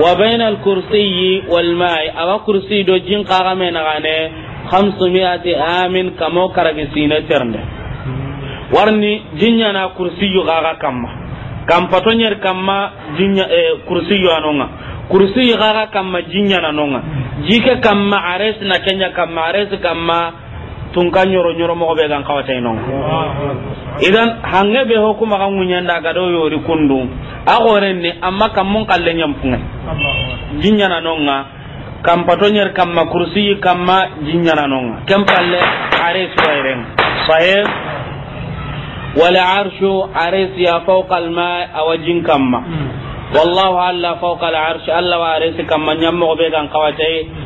wa bayna al-kursiyyi wal ma'i awa kursi do jin qara me gane 500 amin kamo karagi sine terne warni jinya na yu gaga kamma kam patonyer kamma jinya e yu anonga yu gaga kamma jinya na nonga jike kamma ares na kenya kamma ares kamma tunkan nyoro nyoro mo be gan kawata inonga idan hange be ho kuma kan munya da ga do yori kundu a goren ne amma kan mun kallen yam kunga jinya na nonga kan patonyer kan ma kursi kan ma jinya na nonga kan palle are soiren sahe wal arshu aris ya fawqal ma awajin kan ma hmm. wallahu alla fawqal arshi alla wa are kan ma nyam mo be kan kawatai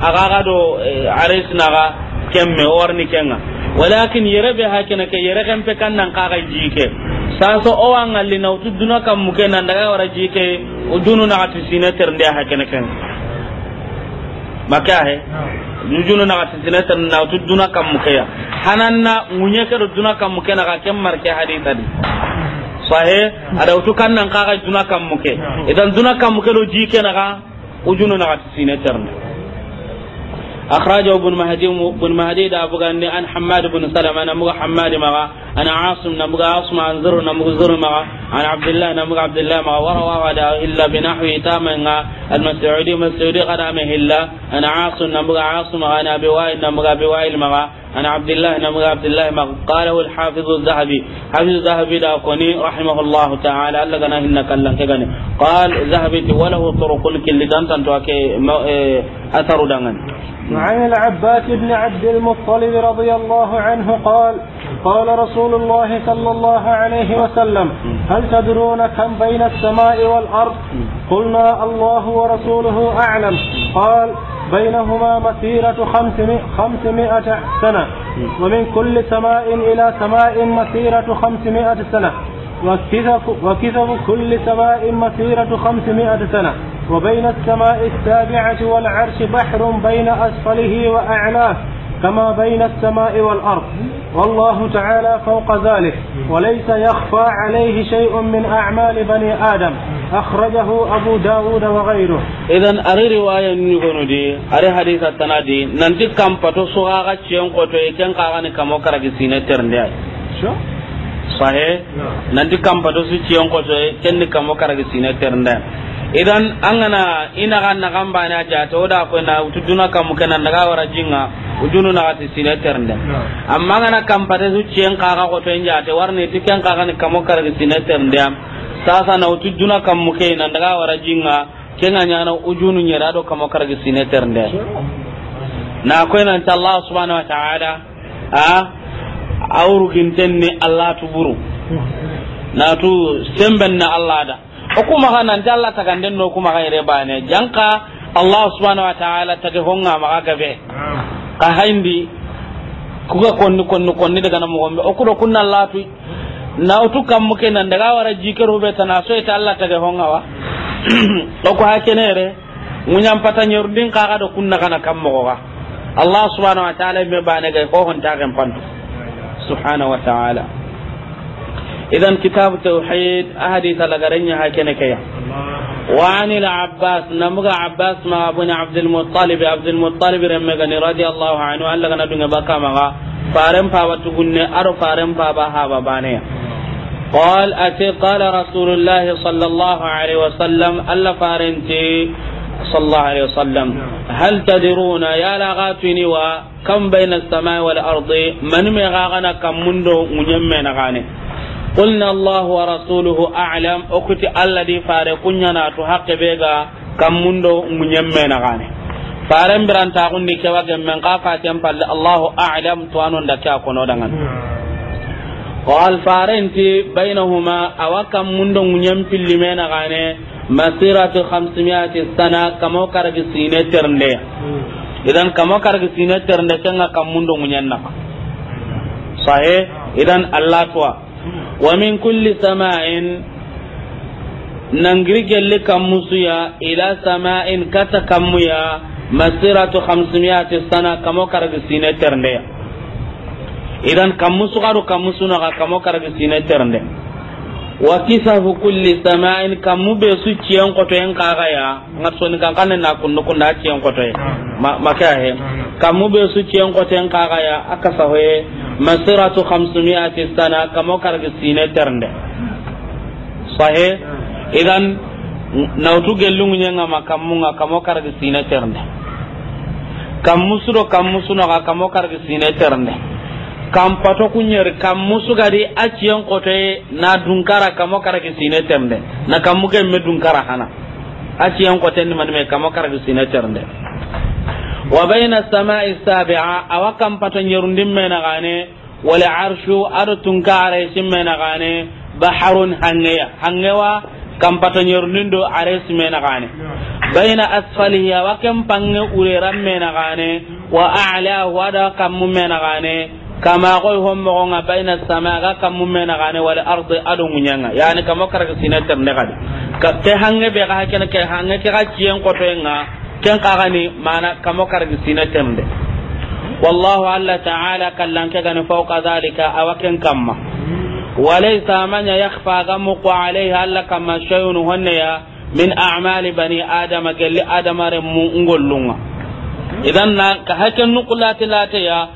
aga ga do eh, ares naga kemme orni kenga walakin yere be hakina ke yere kan pe ka nan jike saso o wa wangalli na utu duna kam muke nan daga wara jike udunu na ati sine ternde hakina kenga maka he nujunu na ati sine tern na utu duna kam muke ya hananna munye ke duna kam muke na ka kem marke hadita di sahe ada utu kan nan kaga duna kam muke idan duna kam muke do jike na ka udunu na ati sine ternde أخرجه ابن مهدي بن مهدي دا عن حماد بن سلمة مغ حماد مغا أنا عاصم نمغ عاصم عن زر نمغ زر مغا عن عبد الله نمغ عبد الله مغا وروى غدا إلا بنحو تاما المسعودي مسعودي قدامه إلا أنا عاصم نمغ عاصم أنا أبي وائل نمغ أبي وائل مغا أنا عبد الله نمغ عبد الله مغا قاله الحافظ الذهبي حافظ الذهبي دا قني رحمه الله تعالى ألا غنا هنا كلن قال ذهبي وله طرق كل دانتان توكي إيه، أثر دانغن وعن العباس بن عبد المطلب رضي الله عنه قال قال رسول الله صلى الله عليه وسلم هل تدرون كم بين السماء والأرض قلنا الله ورسوله أعلم قال بينهما مسيرة خمسمائة سنة ومن كل سماء إلى سماء مسيرة خمسمائة سنة وكثف, كل سماء مسيرة خمسمائة سنة وبين السماء السابعة والعرش بحر بين أسفله وأعلاه كما بين السماء والأرض والله تعالى فوق ذلك وليس يخفى عليه شيء من أعمال بني آدم أخرجه أبو داود وغيره إذا أري رواية نقول دي أري حديث التنادي ننتي كم باتو سوغاغا تشيون قوتو يكن قاغاني كمو كراكي سينة شو sahe nanti kampa to su ciyon ko soye ni kamo karagi sine ternde idan an ina kan na kamba na ja to da ko na utuduna kamo kenan daga wara jinga ujunu na ati sine ternde amma gana kampa to su ciyon ka ka ko to ja te warne ti ken ka kan kamo karagi sine ternde sasa na utuduna kam mu kai na daga wara jinga kenga nyana ujunu nyera do kamo karagi sine ternde na ko nan ta Allah subhanahu wa ta'ala a ah, awru gintenni allah tu buru tu semben na allah da o kuma ga nan dalla ta ganden no kuma ga ire bane janka allah subhanahu wa ta'ala ta ga honga ma ga be ka haindi ga konni konni konni daga na mugombe o kudo kunna allah tu na otu kam muke nan daga wara jikar hube ta na so ita allah ta ga honga wa o ko hakene re munyam pata nyorudin ka ga do kunna kana kam mogo ga allah subhanahu wa ta'ala me bane ga ko hon ta ga pantu سبحانه وتعالى إذا كتاب التوحيد أحاديث لغرنيا هكذا كيا وعن العباس نمغ عباس ما ابن عبد المطلب عبد المطلب رمغني رضي الله عنه أن لغنا دون بقى مغا فارم فاوتهن أرو فارم فاباها بابانيا قال أتي قال رسول الله صلى الله عليه وسلم ألا فارنتي صلى الله عليه وسلم هل تدرون يا لغاتني وكم بين السماء والأرض من مغاغنا كم منذ مجمعنا غاني قلنا الله ورسوله أعلم أكتي الذي فارقنا تحق بيغا كم منذ مجمعنا غاني فارم بران تاغني كواك من قافة ينفل الله أعلم توانون لك أكون ودنان قال فارنتي بينهما أوكم منذ مجمعنا غاني masiratu 500 sana kamo karagi sine ternde idan kamo karagi sine ternde kenga kamundo munyanna sahe idan allah tuwa wa min kulli sama'in nangiri gelli kammusuya ila sama'in kata kammuya masiratu 500 sana kamo karagi sine ternde idan kam musu kammusu karu kammusu naga kamo karagi sine ternde wa kisafu kulli sama'in kamube be su ciyan koto en kaga ya ngar so ni kankan na kun da ciyan koto ya maka he kamu be su ciyan koto en kaga ya aka sahoye masiratu 500 sana kamo karga sine ternde sahe idan nautu gellungu nyanga makamunga kamo karga sine ternde kamusuro kamusuno ka kamo karga sine ternde kam pato kunyer kam musugadi aciyen kote na dunkara kamo karaki sine tembe na kammu me dunkara hana kote ni manme kamo karaki sine ternde wa baina samai sabi'a awa kam pato me na gane wala arshu ar tunkara sim me na gane baharun hangeya hangewa kam pato are sim me na gane baina asfalihi awa kam pange me na gane wa a'la wa da wada me na gane kama koy hom mo nga bayna sama ga kam mena gane wala ardi adu munyanga yani kama karaka sinatar ne gadi ka te hange be ga ken ke hange ke ga cien ko to nga ken ka gani mana kama karaka sinatar de wallahu alla ta'ala kallan ke gane fawqa zalika awaken kamma walaysa man yakhfa gamuqa alayhi alla kama shay'un hunna ya min a'mali bani adama galli adama re mu ngollunga idan na ka haken nukulati ya.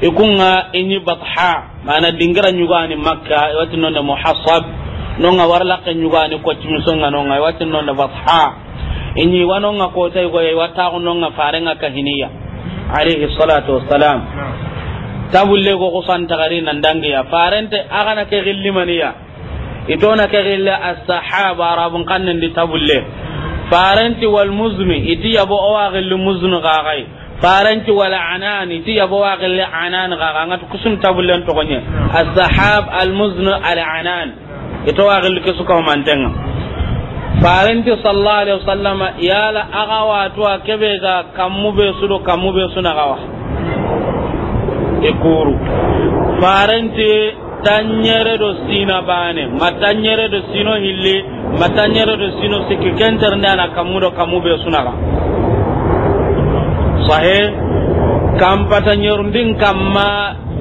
ikunga inyi batha mana dingara nyugani makka watin nonde muhassab nonga warla nyugani ko timisonga nonga watin nonde batha inyi wanonga ko tay ko wata nonga farenga ka hiniya alayhi salatu wassalam tabulle go ko santa gari nan dangi ya farente agana ke gillimaniya itona ke gilla ashabu rabun arabun kannin di tabulle farenti wal muzmi iti yabo awa muzmi muznu gagai faranci wala anani ti yabo wa gelle anan ga ga ngat kusum tabulen to gonye as-sahab al al-anan ito wa gelle ke suka mantenga faranci sallallahu alaihi wasallam yala aga wa to kebe ga kammu be sudo kammu be suna gawa wa e kuru faranci tanyere do sina bane matanyere do sino hille matanyere do sino sikikenter ndana kammu do kammu be suna gawa sahe kam patanyorndin kamma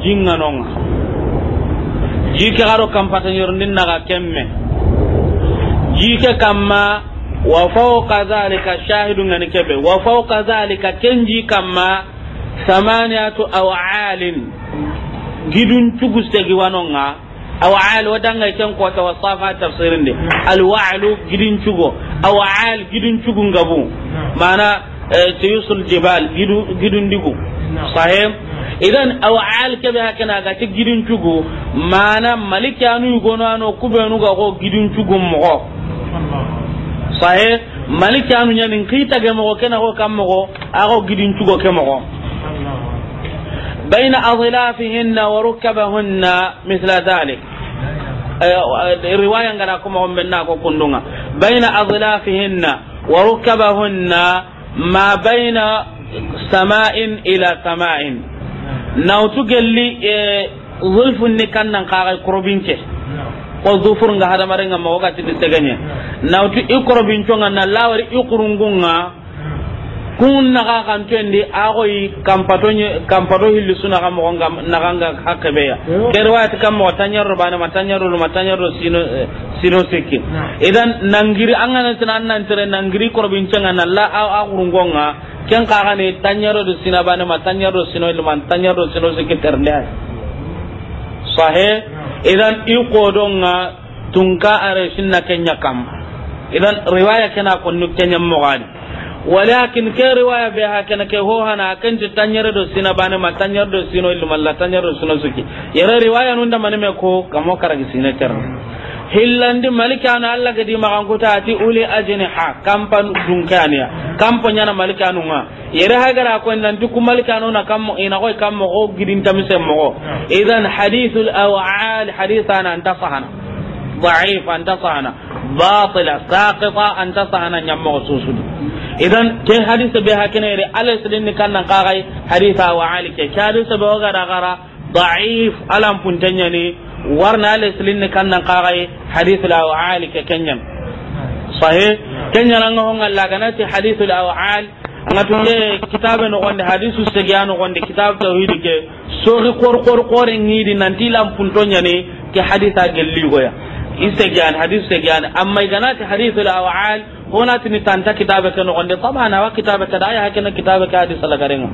jinganonga jike garo kam patanyorndin naga kemme jike kamma wa fawqa dhalika shahidun ngani kebe wa fawqa dhalika kenji kamma aw alin gidun cuguste giwanonga al wadanga ken ko ta wasafa al wa'lu gidun gidin aw al gidin cugun gabu mana suyusul eh, jibal gidun digu sahih idan aw al kebe hakana ga ti gidun cugu mana malikanu yugono ano kubenu ga ko gidun cugu mo sahih malikanu nyanin kita ga mo kana ko kam mo ago gidun cugo ke mo بين أظلافهن وركبهن مثل ذلك رواية أنا كما هم بيننا بين أظلافهن وركبهن ma baina sama'in ila sama'in nautu gelli e, zulfun ni kannan kaga korobinke ko zufur nga hadamare nga ma wakati de teganye nautu ikorobinco nga na lawari ikurungunga kun naga di agoyi kampato kampato hilli suna ga mo nga hakke be ya ta kam mo tanyaro bana matanyaro matanyaro sino eh, sino sekki idan nangiri angana tan annan tere nangiri korbin na la a agurungonga ken ga ne tanyaro do sina bana matanyaro sino ilman tanyaro sino sekki ternde sahe idan i kodonga tunka are sinna kenya kam idan riwaya kena konnu kenya mo gadi walakin ke riwaya bai haka na ke ho hana kan ji tanyar da sina bane ma tanyar da sino ilmu malla tanyar da sino suki yare riwaya nun da maname ko kamo karagi sina terno hillandi na allah gadi kuta ati uli ha kampan dunkaniya nun ñana malikanunga yere hagara ko nanti ku na kammo ina koy kammo ko gidintamisen mogo idan hadithul awal hadithana anta sahana dhaif anta sahana batila saqita anta sahana ñammogo susudu idan ken hadisa bai haka ne re alai sidin ni kan nan kakai hadisa wa alike ke hadisa be gara gara da'if alam puntanya ne warna alai sidin ni kannan qagai hadisa la wa alike kenyam sahih kenyan an ngon Allah kana ti hadisa la wa al ngatunde kitabe no gonde hadisu segiya no gonde kitab tauhid ke sori kor kor kor nan nanti lam puntonya ne ke hadisa gelli goya isegiyan hadisu segiyan amma ganati hadisa la wa al hona tini tanta kitabe ke nogonde taban awa kitabe da aya hakena kitabe ke adi salagarenga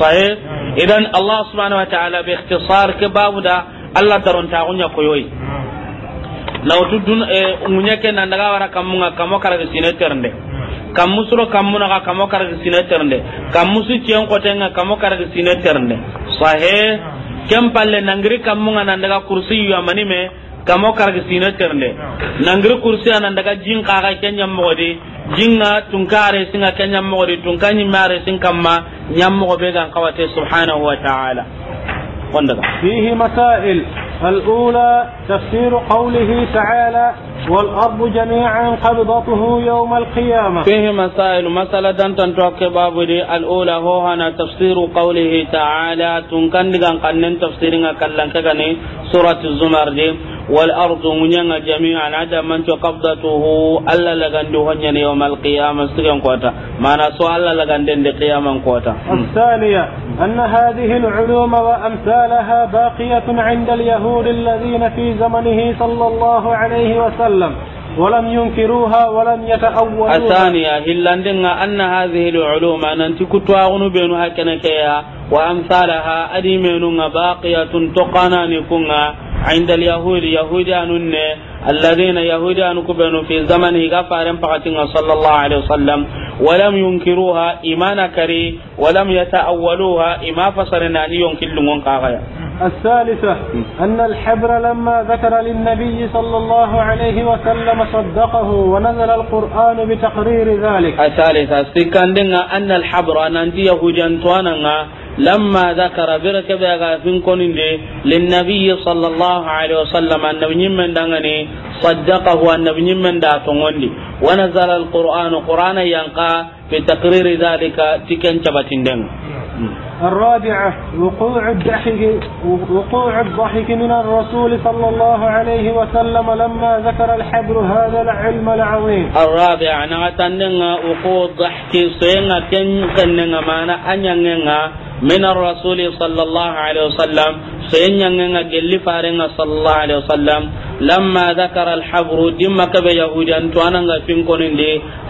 sahe idan allah subhanahu wa ta'ala bi ikhtisar ke babu da allah daronta gunya koyoyi nautu dun eh, ngunya ke nan daga wara kamunga kamo karaga sine ternde kammu suro kammu naga kamo karaga sine ternde kammu su ciyen kotenga kamo karaga sine ternde sahe kem palle nangiri kammunga nan daga kursiyu amani me kamo karga sina ternde nangiri kursi anan daga jin kaga kenya mogodi na tunkare singa kenya mogodi tunkanyi mare sin kama nyam mogo be gan kawate subhanahu wa ta'ala wanda fihi masail الأولى تفسير قوله تعالى والأرض جميعا قبضته يوم القيامة فيه مسائل مسألة تنتوك بابدي الأولى هو هنا تفسير قوله تعالى تنكن قنن تفسير كلن سورة الزمر دي والأرض منينا جميعا عدا من قبضته ألا لغن دهن يوم القيامة سكن قوتا ما نسوا ألا لغن دين قياما قوتا الثانية أن هذه العلوم وأمثالها باقية عند اليهود الذين في زمنه صلى الله عليه وسلم ولم ينكروها ولم يتأولوها الثانية هلا أن هذه العلوم أن أنت كنت أغنو بينها كنكيها وأمثالها أدي منها باقية تقنانكنا عند اليهود يهود أنن الذين يهود أنكبنوا في زمنه غفارا فقتنا صلى الله عليه وسلم ولم ينكروها إيمانا كري ولم يتأولوها إما فصرنا أن ينكلون قاغيا الثالثة أن الحبر لما ذكر للنبي صلى الله عليه وسلم صدقه ونزل القرآن بتقرير ذلك الثالثة أن الحبر أن أنت يهود أنتوانا لما ذكر برك بيغا فين دي للنبي صلى الله عليه وسلم أن نبي من دغني صدقه أن نبي من دا تونغندي ونزل القرآن قرآن ينقى في تقرير ذلك تكن تبتندن الرابعة وقوع الضحك وقوع الضحك من الرسول صلى الله عليه وسلم لما ذكر الحبر هذا العلم العظيم الرابعة نعتننا وقوع الضحك سينا كن ما مانا من الرسول صلى الله عليه وسلم سينا جل فارنا صلى الله عليه وسلم لما ذكر الحبر دم كب يهود أن توانا فين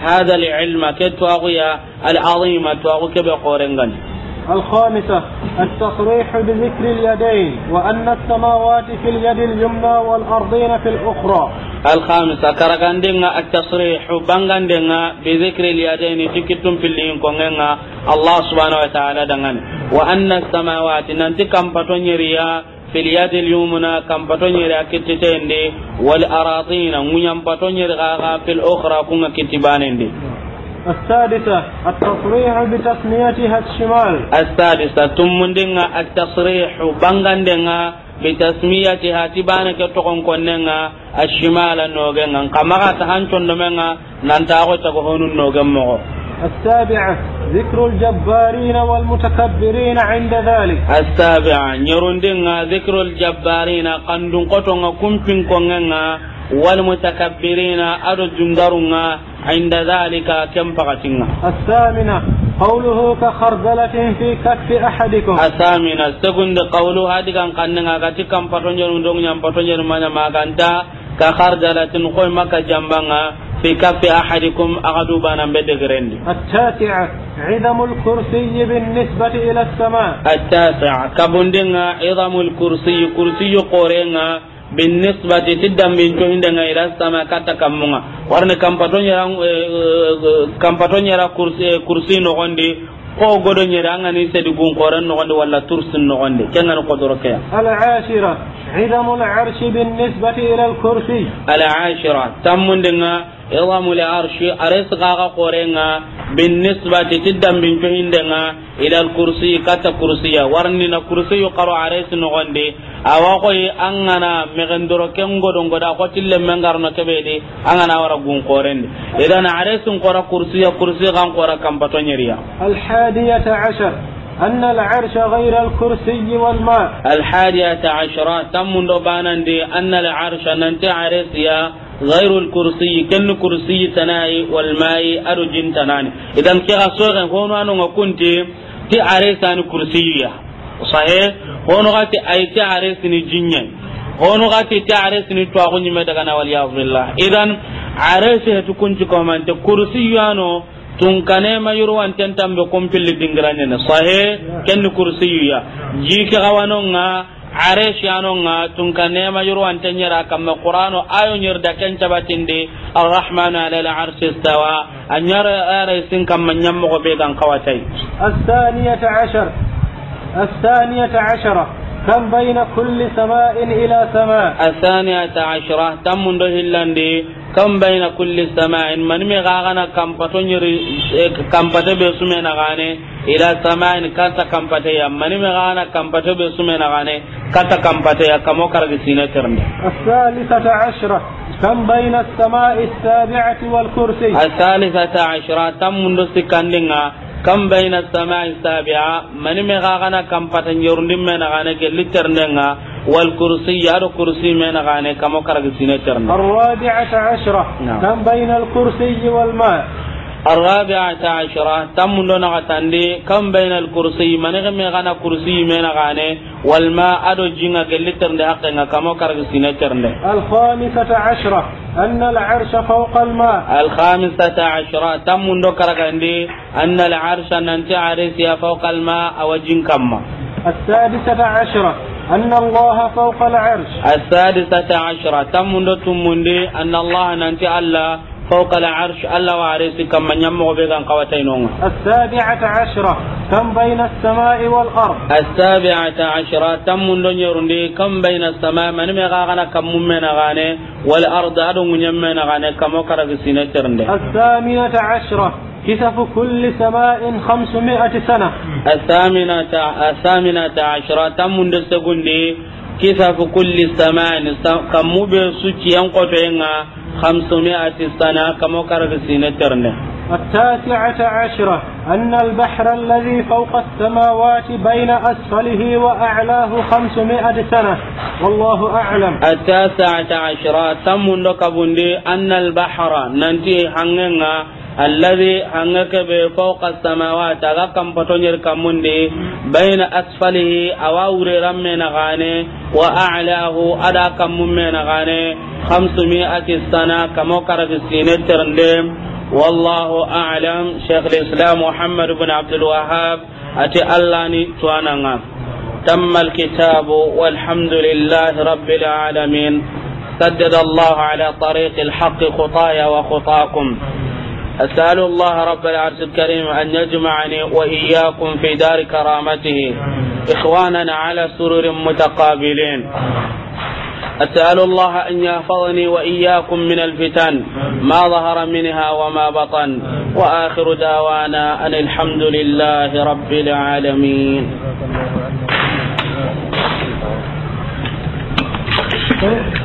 هذا العلم كتواغيا العظيم تواغو كب قورنغاني الخامسة التصريح بذكر اليدين وأن السماوات في اليد اليمنى والأرضين في الأخرى الخامسة كرغاندينا التصريح بانغاندينا بذكر اليدين تكتم في اللينكونا الله سبحانه وتعالى دنان وأن السماوات ننتي كم في اليد اليمنى كم باتونيرا كتتين والأراضين ونيم باتونيرا في الأخرى كنا كتبانين السادسة التصريح بتسميتها الشمال السادسة تمندنا التصريح بانغندنا بتسميتها تبانك تقن كننا الشمال النوغن كما تهانشون دمنا ننتاغو تقهون النوغن مغو السابعة ذكر الجبارين والمتكبرين عند ذلك السابعة نيرون ذكر الجبارين قندن قطن كنتن كننا والمتكبرين أرو جندرنا عند ذلك كم فقتنا الثامنة قوله كخردلة في كف أحدكم الثامنة سكند قوله هذه كان قننا غتي كم فتنجر ندون فتنجر ما ما كانتا كخردلة قوي ما كجنبنا في كف أحدكم أغدو بانا بدغرين التاسعة عظم الكرسي بالنسبة إلى السماء التاسعة كبندنا عظم الكرسي كرسي قورينا bin nisbati tiddan bin to hinda ngai ila sama kata kamunga warne kampaton yara kampaton yara eh, eh, kursi eh, kursi no gonde ko godo nyera ngani sedi gun koran no gonde walla tursin no gonde kengan ko doro kaya al ashira idamul arsh bin nisbati ila al kursi al ashira tamundenga yadamu al-arshi ares gaga qorenga bin nisbati tiddan bin cuhindenga ila al-kursi kata kursiya warni na kursi yu qaro ares no gonde awa koy angana megendoro ken godon ngoda ko tille mengarno an angana wara gun qorende idan ares qora kursiya kursi gan qora kam batonyeriya al-hadiyata ashar أن العرش غير الكرسي والماء الحادية عشرة تم دبانا دي أن العرش ننتي عرسيا غير الكرسي كن كرسي تناي والماء أرجن تناني إذا كي أصوغ هون أنو كنت تي عريسان كرسي يا صحيح هونو غاتي أي تي عريسني جنيا هون غاتي تي عريسني تواغني مدغنا والياذ بالله إذا عريسه تكون كمان كرسي أنو tun kane ma yuru an tentam be kompil dingiranya ne sahe ken kursiyu ya ji ke gawanonga are yanonga tun ka nema yuru ante nyara kamma qur'ano ayo nyir da ken tabatinde arrahmanu ala al-arsh istawa anyara ara sin kamma nyam go be kan kawatai as-thaniyata 'ashar as-thaniyata 'ashara كم بين كل سماء إلى سماء الثانية عشرة تم منذ اللندي كم بين كل سماء من مغاغنا كم بطنيري كم بطنيري بسمينا غاني ila samain kanta kampate ya mani me gana kampate be sume na gane kanta kampate ya kamo kar gi sine terne asalisata ashra kam baina samai sabi'ati wal kursi asalisata ashra tam mundo sikandinga kam bayna samai sabi'a mani me ga gana kam patan yorndi me na gane ke literdenga wal kursi ya do kursi me na gane kamo karaga sine terna ar-rabi'ata ashra kam bayna al-kursi wal ma' الرابعة عشرة تم لنا غتاندي كم بين الكرسي من غمي غنا كرسي من غاني والماء أدو جينا قلتر دي حقنا كما كرسينا ترني الخامسة عشرة أن العرش فوق الماء الخامسة عشرة تم لنا كرغاندي أن العرش ننتي عرسيا فوق الماء أو جين كما السادسة عشرة أن الله فوق العرش السادسة عشرة تم دون أن الله ننتي الله فوق العرش ألا كم من نمو بيغان قوتين السابعة عشرة كم بين السماء والأرض السابعة عشرة تم دنيرندي كم بين السماء من مغاغنا كم من غاني والأرض أدو من غاني كم وكرق سينترندي الثامنة عشرة كسف كل سماء خمسمائة سنة الثامنة الثامنة عشرة تم دستقندي كسف كل سمان كم بسوتي ينقطع 500 سنة كما كرب سنة التاسعة عشرة أن البحر الذي فوق السماوات بين أسفله وأعلاه خمسمائة سنة والله أعلم التاسعة عشرة تم لك أن البحر ننتهي حننا الذي هنك فوق السماوات اغا كم بطنير كموندي بين اسفله اواور رمين غاني واعلاه ادا كم غاني خمسمائة سنه كما كرت سينه والله اعلم شيخ الاسلام محمد بن عبد الوهاب اتي ألاني توانانا تم الكتاب والحمد لله رب العالمين سدد الله على طريق الحق خطايا وخطاكم أسأل الله رب العرش الكريم أن يجمعني وإياكم في دار كرامته إخواننا على سرر متقابلين أسأل الله أن يحفظني وإياكم من الفتن ما ظهر منها وما بطن وآخر دعوانا أن الحمد لله رب العالمين